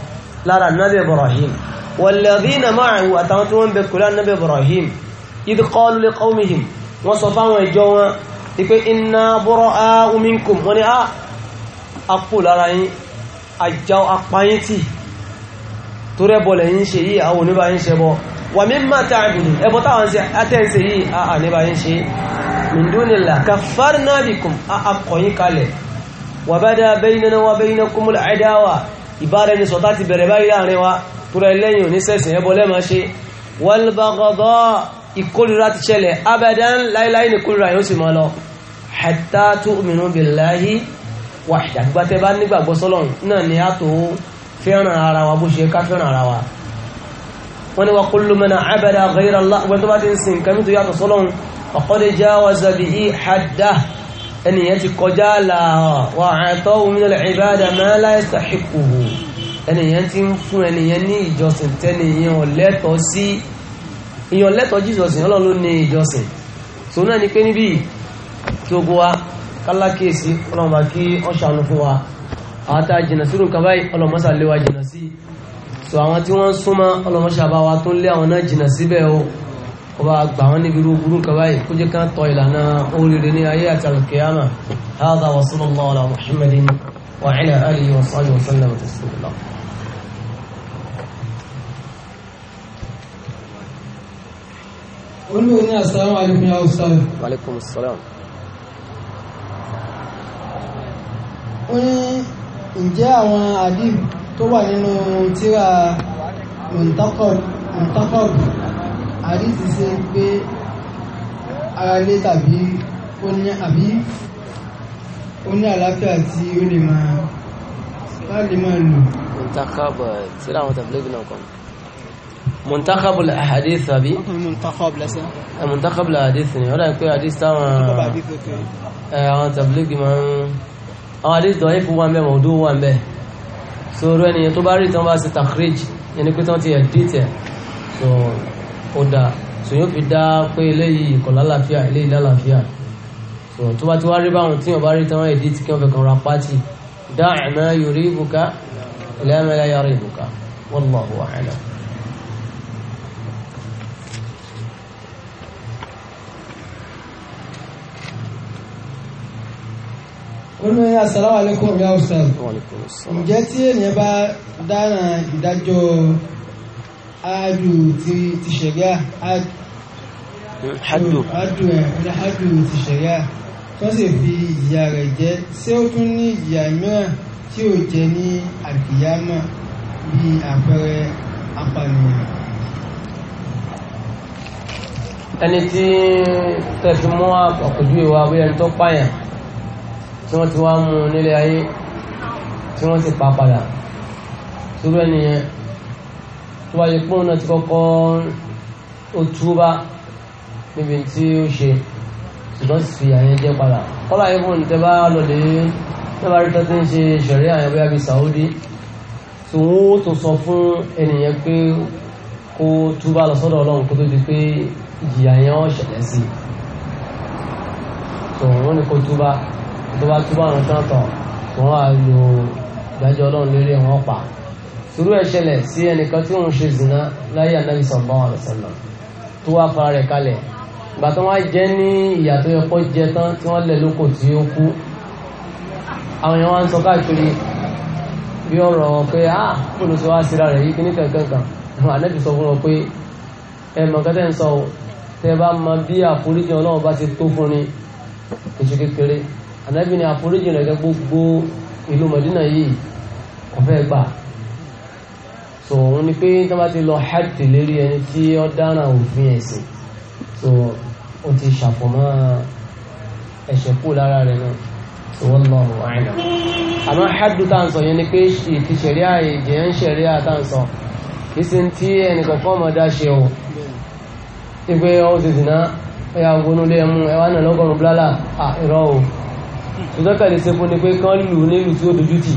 لارا النبي إبراهيم والذين معه أتمتون بكلا النبي إبراهيم إذ قالوا لقومهم وصفا وجوا يقول إنا براء منكم وني أقول لارا أجاو أقبايتي torí ẹbọ lẹ̀ yí ń ṣe yìí àwọn oníbà yí ń ṣe bọ́ wà mí máa tẹ́ àbìlì ẹbọ táwọn atẹ́ǹsẹ̀ yìí àà níbà yí ń ṣe mìndúnilà kàfàrí náà bì kùn àkọ̀yìn kalẹ̀ wà bá dá bẹ́yìnà wà bẹ́yìnà kúmùlà àìdáwà ìbára ẹni sọ̀tá ti bẹ̀rẹ̀ báyìí láàrin wa torí ẹlẹ́yìn oníṣẹ́sìn ẹbọ lẹ́màá ṣe bá nígbàgbọ́ náà ni a tó fẹ́ràn ara wa bó ṣe ká fẹ́ràn ara wa wọ́n ni wa kullu man abada ghayra Allah wọ́n tó bá ti ń sin nǹkan nítorí yàtọ̀ sọ́lọ́run faqad jawaza bihi haddah ẹnìyẹn ti kọjá là wà àtọ́ min al ti ń fún ẹnìyẹn ní kí ọ ṣàánú fún wa àwọn tá a jìnà sírù nǹkan báyìí ọlọ́mọ́sà lé wa jìnà sí so àwọn tí wọ́n súnmọ́ ọlọ́mọ́sà bá wa tó ń lé àwọn náà jìnà síbẹ̀ o ọba àgbà wọn níbi rúgbúrú nǹkan báyìí kó jẹ́ ká tọ ìlànà oríire ní ayé àti àlùkìyàmà hádà wọ́n ní ǹjẹ́ àwọn àdìb tó wà nínú tíra mọ̀ntàkọ̀b àdìsí ṣe pé ara lé tàbí ó ní àbí ó ní àlàáfíà tí ó lè máa láti máa lò. mọ̀ntàkọ̀b tíra àwọn tàbí lẹ́gbẹ̀ẹ́ náà kan. منتخب الاحاديث ابي منتخب لسه منتخب الاحاديث ولا يكون حديث تمام اه تبليغ ما àwọn àdéhùn tó ẹ̀fọ́ wà ń bẹ̀ mọ̀ọ́dún wà ń bẹ̀ sọ̀rọ̀ ẹnìyẹn tó bá rí tán bá ṣe takrij ẹni pé tán ti ẹ̀ dé tẹ̀ tó ó da tó yóò fi dá pé eléyìí kò lálàáfíà eléyìí lálàáfíà tó tó bá ti wá rí báwọn tí bá rí tán ẹ̀ dé tí kí wọn fẹ́ kàn ra pátì dá'na yuribuka la ma la yaribuka wallahu a'lam olú ẹ̀yà assalamu alaikum ya ustaz ǹjẹ́ tí ènìyàn bá dára ìdájọ́ áàdù ti ṣẹ̀ríà áàdù ti ṣẹ̀ríà tó sì fi ìyà rẹ̀ jẹ́ ṣé ó tún ní ìyà mìíràn tí ó jẹ ní àkìyámà bí àpẹẹrẹ apànìyàn ẹni tí tẹ̀fí mọ́ àpọ̀kùjú ìwà wíyẹn tó pààyàn tí wọ́n ti wá mú nílé ayé tí wọ́n ti pa padà sórí ẹnìyẹn tó bá yẹ pọ́n náà ti kọ́kọ́ ó túbá níbi tí ó ṣe ṣùgbọ́n sì àyẹn jẹ́ padà kọ́lá yìí fún ìtẹ́ bá lọ́lẹ̀ náà bá rí tó ti ń ṣe ṣẹ̀rí àyẹ̀ bóyá bíi Saudi tí wọ́n ó tún sọ fún ẹnìyẹn pé kó túbá lọ sọ́dọ̀ Ọlọ́run kó tó di pé ìyà yẹn ó ṣẹlẹ̀ sí i tòun ó ní kó túbá tó bá túbọ̀ àwọn tán tán wọn á lo ìdájọ́ ọlọ́run lérí wọn pa irú ẹ̀ ṣẹlẹ̀ sí ẹnìkan tí òun ṣe zina láyé ànábì sallallahu alaihi tó wá fara rẹ̀ kalẹ̀ ìgbà tó wá jẹ́ ní ìyà tó yẹ kó jẹ tán tí wọ́n lẹ̀ lóko tí ó kú àwọn èèyàn wá ń sọ káàkiri bí ọ̀rọ̀ pé á olùsọ wá síra rẹ̀ yìí kíní kankan kan àwọn sọ fún wọn pé ẹ mọ̀ ń sọ o tẹ bá mọ bí àforíjì ọlọ́run bá ti tó fún ni èṣù ànábì ni àforíjì rẹ̀ gbogbo ìlú Mẹdínà yìí kò gbà so òun ni pé tó bá ti lọ hajj lérí ẹni tí ó dára òfin ẹ̀sìn so ó ti ṣàfọ̀mọ́ ẹ̀ṣẹ̀ kú lára rẹ̀ náà so wọ́n lọ ọ̀rọ̀ àìnà àmọ́ hajj tá à ń sọ yẹn ni pé ti ṣẹ̀ríà ìjẹ́ ń ṣẹ̀ríà tá kì í ṣe tí ẹnìkan fọ́ ọmọdé ṣe o ìgbé ọ̀hún ti dìná ẹ̀yà ogunlé ẹ̀mú ẹ̀wà náà lọ́gọ́rùn-ún bláàlà à irọ́ ìtọ́kà lè ṣe fún ni pé kán lù nílùú tí ó dojú tì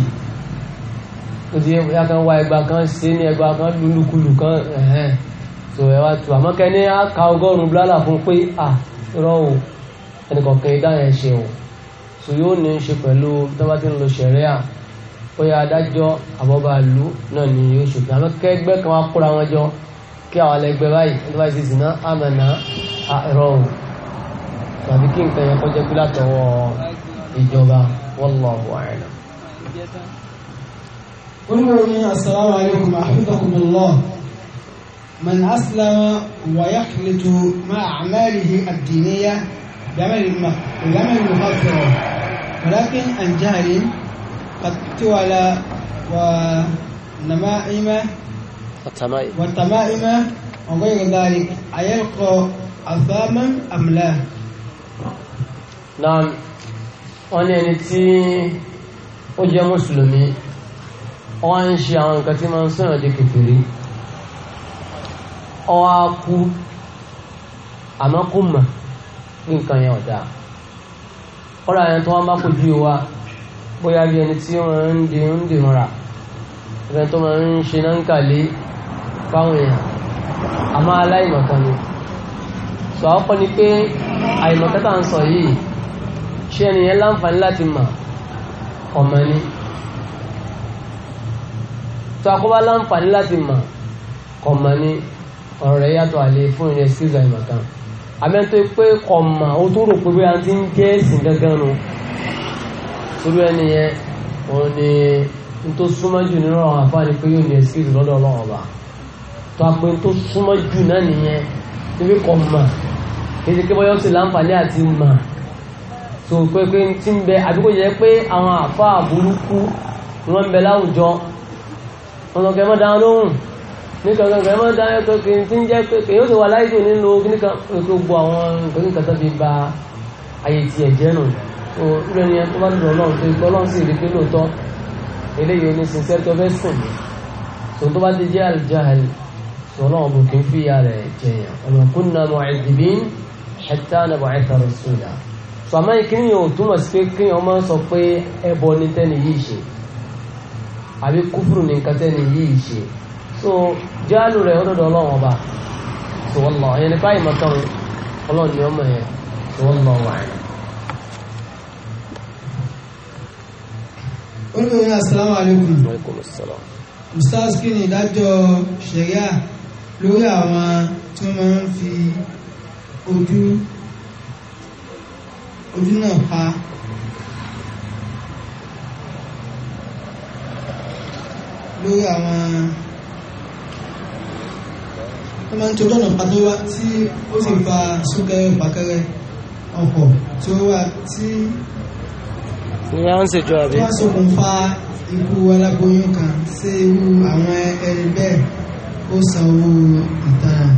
ó ti yá kan wá ẹgbà kan ṣe ní ẹgbà kan lùlùkulù kan ẹ̀hẹ́n tó ẹ wá tu àmọ́ kẹ́ni á ka ọgọ́rùn-ún blálà fún pé à rọ o ẹnìkọ̀ọ̀kan ìdá yẹn ṣe o tó yóò ní í ṣe pẹ̀lú tó bá ti ń ó yá adájọ́ àbọ̀bà ìlú náà ni yóò ṣe pé àmọ́ kẹ́gbẹ́ kan wá kóra wọn jọ kí àwọn alẹ́gbẹ́ báyìí ẹni báyìí ti ìjọba wallahu a'lam. onímọ̀ ní assalamu alaykum ahmadakumullah man aslama wa yakhlitu ma'a a'malihi ad-diniyya بعمل مخاطرة ولكن عن جهل قد تولى ونمائم والتمائم والتمائم وغير ذلك أيلقى أثاما أم لا؟ نعم wọ́n ní ẹni tí ó jẹ́ mùsùlùmí wọ́n ń ṣe àwọn nǹkan tí máa ń sọ̀rọ̀ di kékeré ọwọ́ á kú àmọ́ kò mà ní nǹkan yẹn ọ̀dà ọ̀rọ̀ àyàn tó wọ́n bá kojú wa bóyá bí ẹni tí wọ́n ń di ń di mọ́ra ẹni tó máa ń ṣe náà ń kàlé fáwọn èèyàn àmọ́ aláìmọ̀kan ni sọ àkọ́ ni pé àìmọ̀kẹ́ta ń sọ yìí ṣé ẹni yẹn láǹfààní láti mà ọmọ ni tó akọ́bá láǹfààní láti mà ọmọ ni ọ̀rọ̀ rẹ̀ yàtọ̀ àlè fún ìrìn ẹ̀sìkìzà ìmọ̀kan àmẹ́tọ́ pé kọ̀mà ó tó rò pé bí a ti ń jẹ́ ẹ̀sìn gangan nu torí ẹni òun ni n tó súnmọ́ jù nínú ọ̀rọ̀ àbá ni pé yóò ní ẹ̀sìkìzà lọ́dọ̀ ọlọ́run ọba tó a n tó súnmọ́ jù náà nìyẹn níbi kọ̀mà kí ti kébọ́ láǹfààní àti mà so pépé tí ń bẹ àbíkó jẹ pé àwọn àfa burúkú ni wọ́n ń bẹ láwùjọ wọn lọ kẹ mọ́ dáhùn lóhùn ní kankan kẹ mọ́ dáhùn pé kì í ti ń jẹ́ pé kì yóò ti wà láìsí òní lo kí nìkan ètò gbọ́ àwọn nǹkan nǹkan tó fi ba ayé tiẹ̀ jẹ́ nù so rẹ̀ ni ẹni tó bá dùn ọlọ́run tó ikọ́ ọlọ́run sì rí pé lóòótọ́ eléyìí oní sincere tó fẹ́ sùn mí so tó bá ti jẹ́ àlùjáhàlì sọlọ́n ọ̀bùn kì í fi ìyá rẹ̀ jẹyàn ọ̀nà kúnnà mọ̀ ẹ̀dìbí ṣẹ̀tàn àbọ̀ ẹ̀tàrọ̀ sódà so àmọ́ ìkíní yóò túmọ̀ sí pé kí ọmọ sọ pé ẹbọ ní tẹ́ni yìí ṣe àbí kúfùrù ní nǹkan tẹ́ni yìí ṣe so jáàlù rẹ̀ ọdọ̀dọ̀ ọlọ́run ọba so wọ́n lọ ẹni báyìí mọ́ tán ọlọ́run ni ọmọ yẹn so wọ́n lọ wà ní. olùkọ́ assalamu alaikum ustaz kí ni ìdájọ́ ṣẹ̀ríà lórí àwọn tí wọ́n máa ń fi ojú ojú náà pa lórí àwọn wọ́n máa ń tó lọ́nà pàtó wá tí ó sì fa súnkẹrẹ pàkẹrẹ ọkọ̀ tí ó wà tí ìyá ń ṣèjọ àbí. wọ́n ṣokùnfà ikú aláboyún kan ṣé irú àwọn ẹni bẹ́ẹ̀ ó san owó ìtanràn.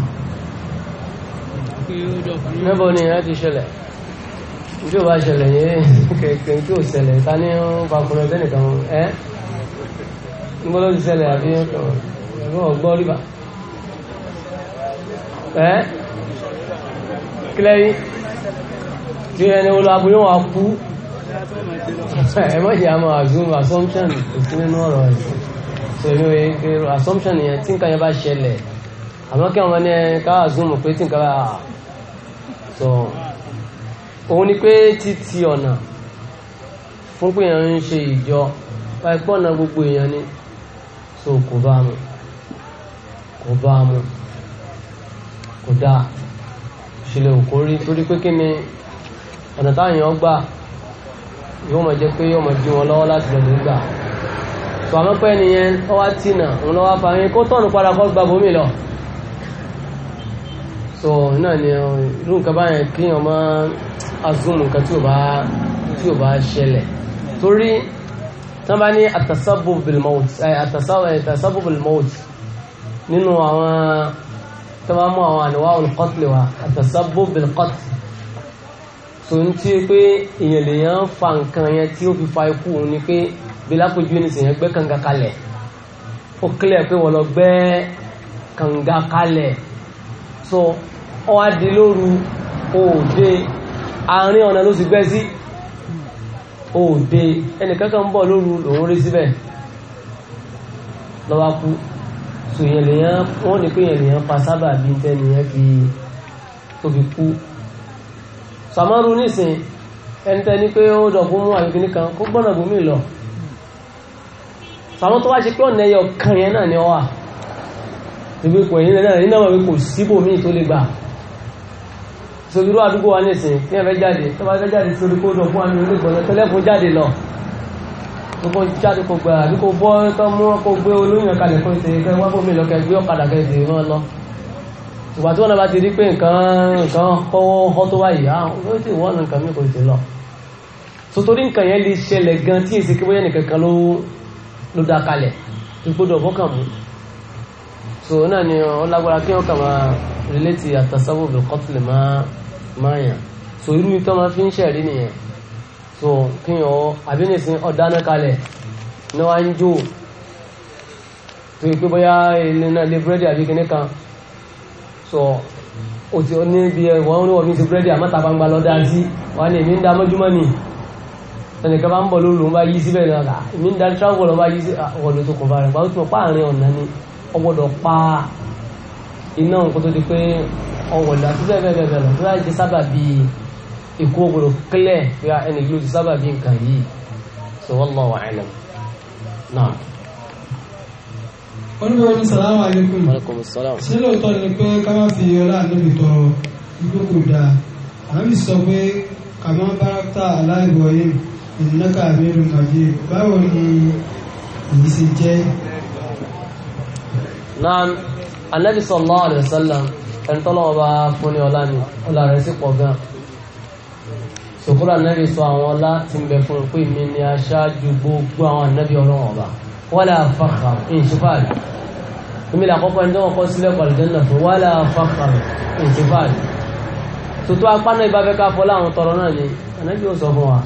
níbo ni ìyá ti ṣẹlẹ̀ tí ó bá ṣẹlẹ̀ yẹn kẹ̀kẹ́ tí ó ṣẹlẹ̀ ta ní ọkùnrin ọ̀tẹ́ nìkan ẹ́ nígbọ́dọ̀ ti ṣẹlẹ̀ àbí ọgbọ́n ríbà ẹ́ kílẹ̀yìn tí ẹni olú abúlé wọn kú ẹmọ́jì àmọ́ assume assumption òsì nínú ọ̀rọ̀ ìṣẹ̀lú ẹgbẹ̀rún assumption yẹn tí nǹkan yẹn bá ṣẹlẹ̀ àmọ́ kí àwọn ẹni ká assume pé tí nǹkan bá sọ òun ni pé títí ọ̀nà fún pé èèyàn ń ṣe ìjọ pàìpọ̀ ọ̀nà gbogbo èèyàn ni so kò bá mu kò bá mu kò dáa ṣẹlẹ̀ òkú rí torí pé kí ni ọ̀nà táwọn èèyàn gbà yóò mọ̀ jẹ́ pé yóò mọ̀ dí wọn lọ́wọ́ láti lọ́dún gbà tó àmọ́ pé ẹni yẹn ọwá tìnà òun lọ́wọ́ fa yẹn kó tọ̀nù padà kọ́ gba bómi lọ so náà ni irú nǹkan báyẹn kí èèyàn Azumu nǹkan tí ò bá tí ò bá ṣẹlẹ̀ torí tán bá ní atasabbub bil maut eh, atasabbub eh, bil maut nínú àwọn tó bá mú àwọn anwa'ul qatl wa tó ń tí pé èèyàn lè yàn fa nǹkan yẹn tí ó fi fa ikú ni pé bí lápòjú ní sèyàn gbẹ́ kànga kalẹ̀ ó kílẹ̀ pé wọ́n lọ gbẹ́ kànga kalẹ̀ so ọ́ adé lóru òde àárín ọ̀nà ló ti gbẹ́ sí òde ẹnìkankan ń bọ̀ lóru lòun rí síbẹ̀ lọ́wọ́ kú so yẹn lèyàn wọ́n ní pé yẹn lèyàn pa sábà bí tẹ́niyàn fi tó fi kú sàmárù nísìn ẹnitẹ́ni pé ó dọ̀kú mú àyíkí nìkan kó gbọ́nà gómìn lọ sàmọ́ tó wá ṣe pé ọ̀nà ẹyọ kan yẹn náà ni ọ wà ìgbèkùn ẹ̀yìn náà nínú àwọn ìgbèkùn síbòmíì tó lè gbà sọdúró àdúgbò wa nísìn tí ẹ fẹ́ jáde tó bá fẹ́ jáde sórí kódò fún àmì onígbọ̀nà tẹlẹ́fún jáde lọ gbogbo jáde kò gbà àbí kò bọ́ tó mú kó gbé olóyìn kalẹ̀ kó ṣe kẹ́ wá fún mi lọ kẹ́ gbé ọ̀kadà kẹ́ dè rán lọ ìgbà tí wọn náà bá ti rí pé nǹkan nǹkan kọ́wọ́ họ́ tó báyìí á ah, ó sì wọ́n nǹkan mi kò sì lọ sotori nǹkan yẹn lè ṣẹlẹ̀ gan tí èsì kí bóyá nìkan so náà ni ọ kí wọn kà máa relate àtàsáwò bí kọ́tìlì máa mọ́yàn so iru ìtọ́ máa fi ń ṣẹ̀rí nìyẹn so kíyàn abínisìn ọ̀dáná kalẹ̀ ní wá ń jò tó yí pé bóyá ilé náà kan so o ti ní ibi ẹ̀wọ̀n ní wọ́n fi ṣe búrẹ́dì àmọ́ta gbangba lọ dá sí wà ní èmi ń da mọ́júmọ́ nì ẹnìkan bá ń bọ̀ lóru bá yí síbẹ̀ náà ah, èmi da travel ọ̀wọ̀lẹ̀ àti bẹ́ẹ̀bẹ́ẹ̀bẹ́ẹ̀ lọ tó láti sábà bí ikú ogbòrò kílẹ̀ pé ẹni yóò ti sábà bí nǹkan yìí so wallahu a'lam náà. olùkọ́ ní salamu alaikum ṣé lóòótọ́ ni pé ká má fi ọlá níbi tọrọ ibi kò dáa àmì sọ pé kà má bárakta aláìwọ̀ yìí ìnáka àmìrù màdí báwo ni èyí ṣe jẹ́. náà anabi sallallahu alaihi wasallam ẹni tọ́lọ́wọ́ bá ọlá ni ọlá rẹ̀ sì pọ̀ gan sòkúrò ànábì sọ àwọn ọlá tí ń bẹ fún un pé mi ni aṣáájú gbogbo àwọn ànábì ọlọ́wọ́ ọba wala fakhar ìṣífàlì èmi là kọ́kọ́ ẹni tó wọ́n kọ́ sílẹ̀ pàlùjẹ́nà fún wala fakhar ìṣífàlì tòtò apánà ìbáfẹ́ ká fọ́ láwọn tọrọ náà ni ànábì ó sọ fún wa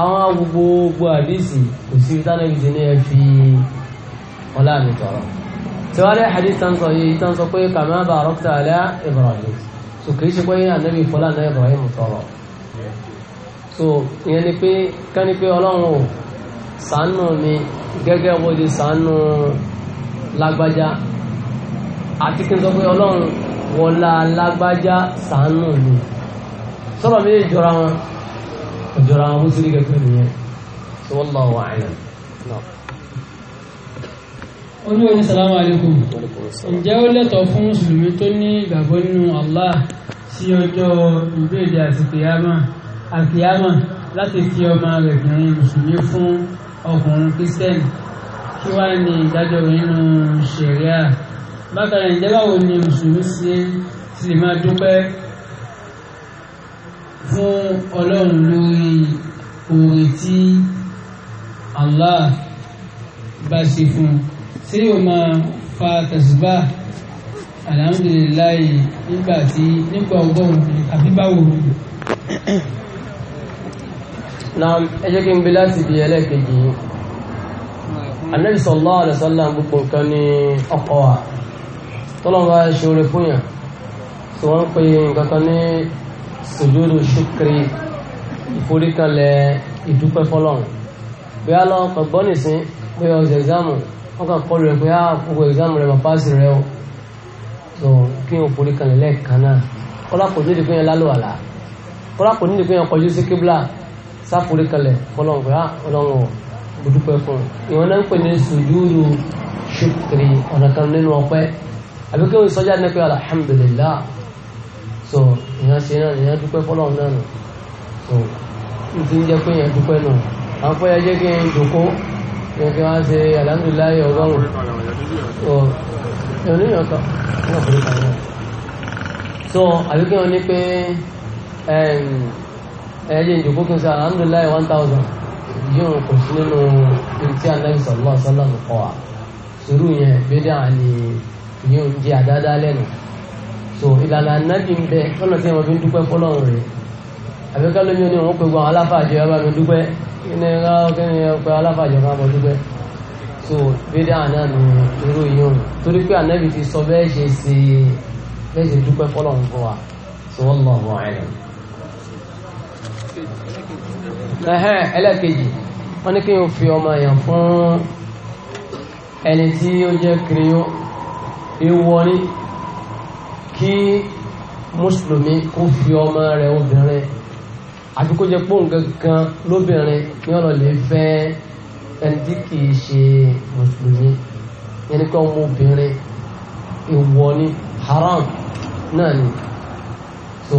àwọn gbogbo àdìsí kò sí tánàbì ti ní ẹ fi ọlá mi tọrọ. سواء حديث تنصي تنصي كما باركت على إبراهيم so kìí ṣe pé ànábì fọlá náà Ibrahim tọrọ so ìyẹn ni pé kẹ́ni pé ọlọ́run ò ṣàánú mi gẹ́gẹ́ bó ṣe ṣàánú lágbájá àti kí n sọ pé ọlọ́run wọlá lágbájá ṣàánú mi sọ̀rọ̀ mi lè jọra wọn jọra wọn bó ṣe rí gẹ́gẹ́ nìyẹn so wallahu a'lam náà olúwo ní salamu alaikum ǹjẹ́ ó lẹ́tọ̀ fún mùsùlùmí tó ní ìgbàgbọ́ nínú allah sí ọjọ́ ìgbéèdè àti àkìyàmà láti fi ọmọ rẹ̀ bìnrin mùsùlùmí fún ọkùnrin kristian kí wá ní ìdájọ́ nínú ṣẹ̀ríà bákan náà báwo ni mùsùlùmí sì lè máa dúpẹ́ fún ọlọ́run lórí oore tí allah bá ṣe fún un tí yóò máa fa tẹ̀sùbá alhamdulilayi nígbà tí nígbà ọgọ́rùn àbí báwo ni. na ẹ jẹ́ kí n bí láti di ẹlẹ́ẹ̀kejì anabi sallallahu alaihi wasallam gbogbo nǹkan ní ọkọ wa tọ́lọ́wọ́ ṣoore fún yàn tí wọ́n ń pè nǹkan kan ní sujudu shukri ìforíkalẹ̀ ìdúpẹ́ bí a lọ kọ̀gbọ́n nìsín pé ọ̀sẹ̀ ìzámù wọ́n kàn kọlu rẹ̀ pé á ah, gbogbo ìgbàmù rẹ̀ màpáàsì rẹ̀ o tó kí o forí kalẹ̀ lẹ́ẹ̀kan náà kọ́lá kò nídìí pé yẹn lálọ́ àlá kọ́lá kò nídìí pé yẹn kọjú sí kíbla sá forí kalẹ̀ kọ́lọ́n pé á ah, ọlọ́run ni dúpẹ́ fún un ìwọ̀n náà ń pè kan nínú ọpẹ́ àbí kí o sọ́jà ní pé alhamdulillah so ìyẹn ṣe náà ìyẹn dúpẹ́ fọlọ́run náà so n ti ń jẹ́ pé yẹn dúpẹ́ nù àwọn fẹ́ yẹn jẹ́ kí yẹn mo fi wá ṣe alhamdulilayi ọgọ́rùn ọ oníyàn kan náà fi kàn yàn so àbí kí wọn ní pé ẹ̀ẹ́dẹ̀ ìjòkó kí n sọ one thousand yóò kò sí nínú tí anabi sọlọ sọlọ nìkọ wa sùúrù yẹn bídà ni yóò ń jẹ àdáadá lẹ́nu so ìlànà anabi ń bẹ ọ̀nà tí wọn fi ń dúpẹ́ fọlọ́run rẹ̀ àbíkálómi ni wọn pè gbọ́n aláfàájọ yàrá mi dúpẹ́ kíni ká kíni ọgbà aláfàjọ ká bọ dúpẹ́ tó bídà náà ní irú yìí torí pé ànábì ti sọ bẹ́ẹ̀ ṣe sí bẹ́ẹ̀ ṣe dúpẹ́ fọlọ́ ń fọ wa tó wọ́n lọ bọ̀ ẹ̀ ẹ̀hẹ́n ẹlẹ́kejì wọ́n ní kí n fi ọmọ èèyàn fún ẹni tí ó jẹ́ kìrìyó ewọ ní kí mùsùlùmí kó fi ọmọ rẹ̀ obìnrin àfi kó jẹ pé òun gangan lóbìnrin ní ọ̀nà lè fẹ́ ẹni tí kìí ṣe mùsùlùmí ẹni pé ọmọ obìnrin èèwọ̀ ni haram náà ni tó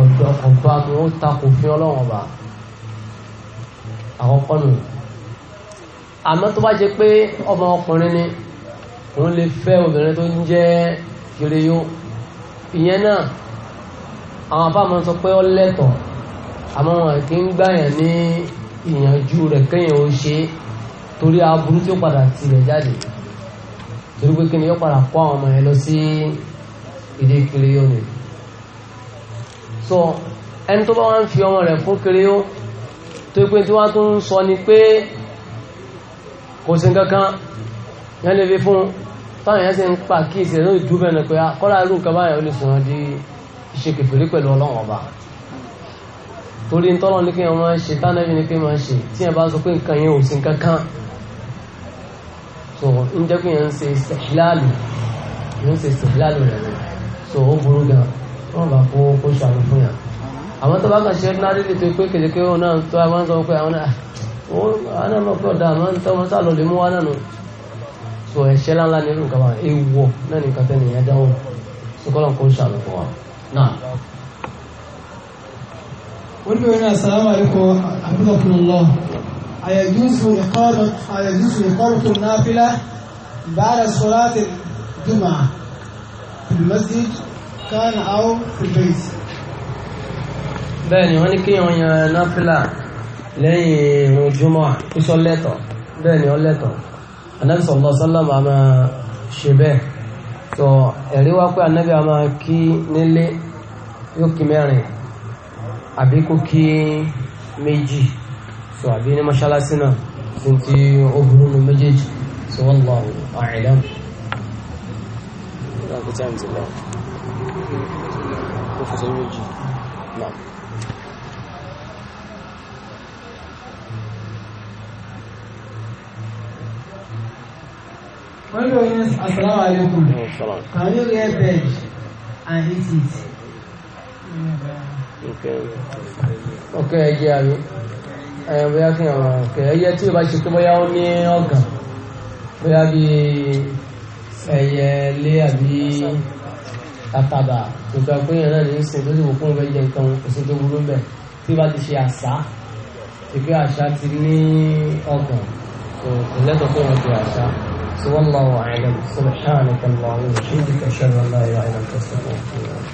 ọ̀dọ́ ọba mi ó takò fi ọlọ́wọ́n ọba àkọ́kọ́ nù àmọ́ tó bá jẹ pé ọmọ ọkùnrin ni òun lè fẹ́ obìnrin tó ń jẹ́ kiri yó ìyẹn náà àwọn afáàmọ́ sọ pé ó lẹ́tọ̀ àmọ́ wọn kì gbàyàn ní ìyànjú rẹ̀ kéèyàn ó ṣe torí aburú tí ó padà tirẹ̀ jáde torí pé kí ni yóò padà kó àwọn ọmọ yẹn lọ sí ìdí kiri yóò nìyí sọ ẹni tó bá wá ń fi ọmọ rẹ̀ fún kiri yóò tó pé tí wọ́n tún sọ ni pé kò sí kankan yẹn lè fi fún táwọn yẹn sì ń pa kíìsì ẹ̀ lórí dúbẹ̀ ni pé ah, kọ́lá irú nǹkan báyìí ó lè sọ̀rọ̀ di ṣe kèfèrí pẹ̀lú ọlọ́run ọba torí ń tọ́lọ́ ní kí wọ́n máa ń ṣe tánàbí ní kí wọ́n ṣe tí wọ́n bá sọ pé nǹkan yẹn ò sí nǹkan kan so ń jẹ́ pé yẹn ń ṣe ìsìláàlù yẹn ṣe ìsìláàlù rẹ̀ rẹ̀ so ó burú gan wọ́n bá kó kó ṣàlù fún yà àwọn tó bá kàn ṣe náà lílì tó pé kèdèké wọn náà tó àwọn sọ pé àwọn náà àwọn pé ọ̀dà àwọn tó wọn sá lè mú wa náà nù so ẹ̀ṣẹ̀ láńlá nínú nǹkan wa ewu náà nìkan tẹ́ nìyẹn dáhùn so kó ṣàlù wa náà. wọ́n bẹ̀rẹ̀ ní asàlámù àríkọ́ àbúrọ̀kùnlọ́ àyàjúsù ìkọ́rùtù náfílá bára sọ́látì jùmọ̀ fìlmọ́síd kan áwọ́ fìlmọ́síd bẹ́ẹ̀ ni wọ́n ní kí wọ́n yan náfílà lẹ́yìn ìrun jùmọ̀ kúsọ́ lẹ́tọ̀ bẹ́ẹ̀ ni wọ́n lẹ́tọ̀ anábìsọ̀lọ́sọ́lọ́ máa ṣe bẹ́ẹ̀ tó ẹ̀rí wá pé anábì a máa kí nílé yóò kí mẹ́rin àbí kó kí méjì tó àbí ní mọ́ṣáláṣí náà ti méjèèjì When God says, Assalamu alaikum, can you get bed and eat it? Okay, Okay. Eh, okay. ẹjẹ́ àmì ẹ̀yàn bóyá Okay. àwọn ọ̀kẹ́ ẹyẹ tí ó bá ṣe pé bóyá ó ní ọ̀gàn bóyá bí ẹyẹ lé àbí àtàbà tó gba pé èèyàn náà ní sìn tó sì wò fún ọbẹ̀ jẹ nǹkan kò sí tó burú bẹ̀ tí bá ti ṣe àṣà ti pé àṣà ti ní ọ̀gàn kò lẹ́tọ̀ọ́ fún ọ̀gàn àṣà. والله أعلم سبحانك اللهم وبحمدك أشهد أن لا إله إلا أنت أستغفرك واتوب اليك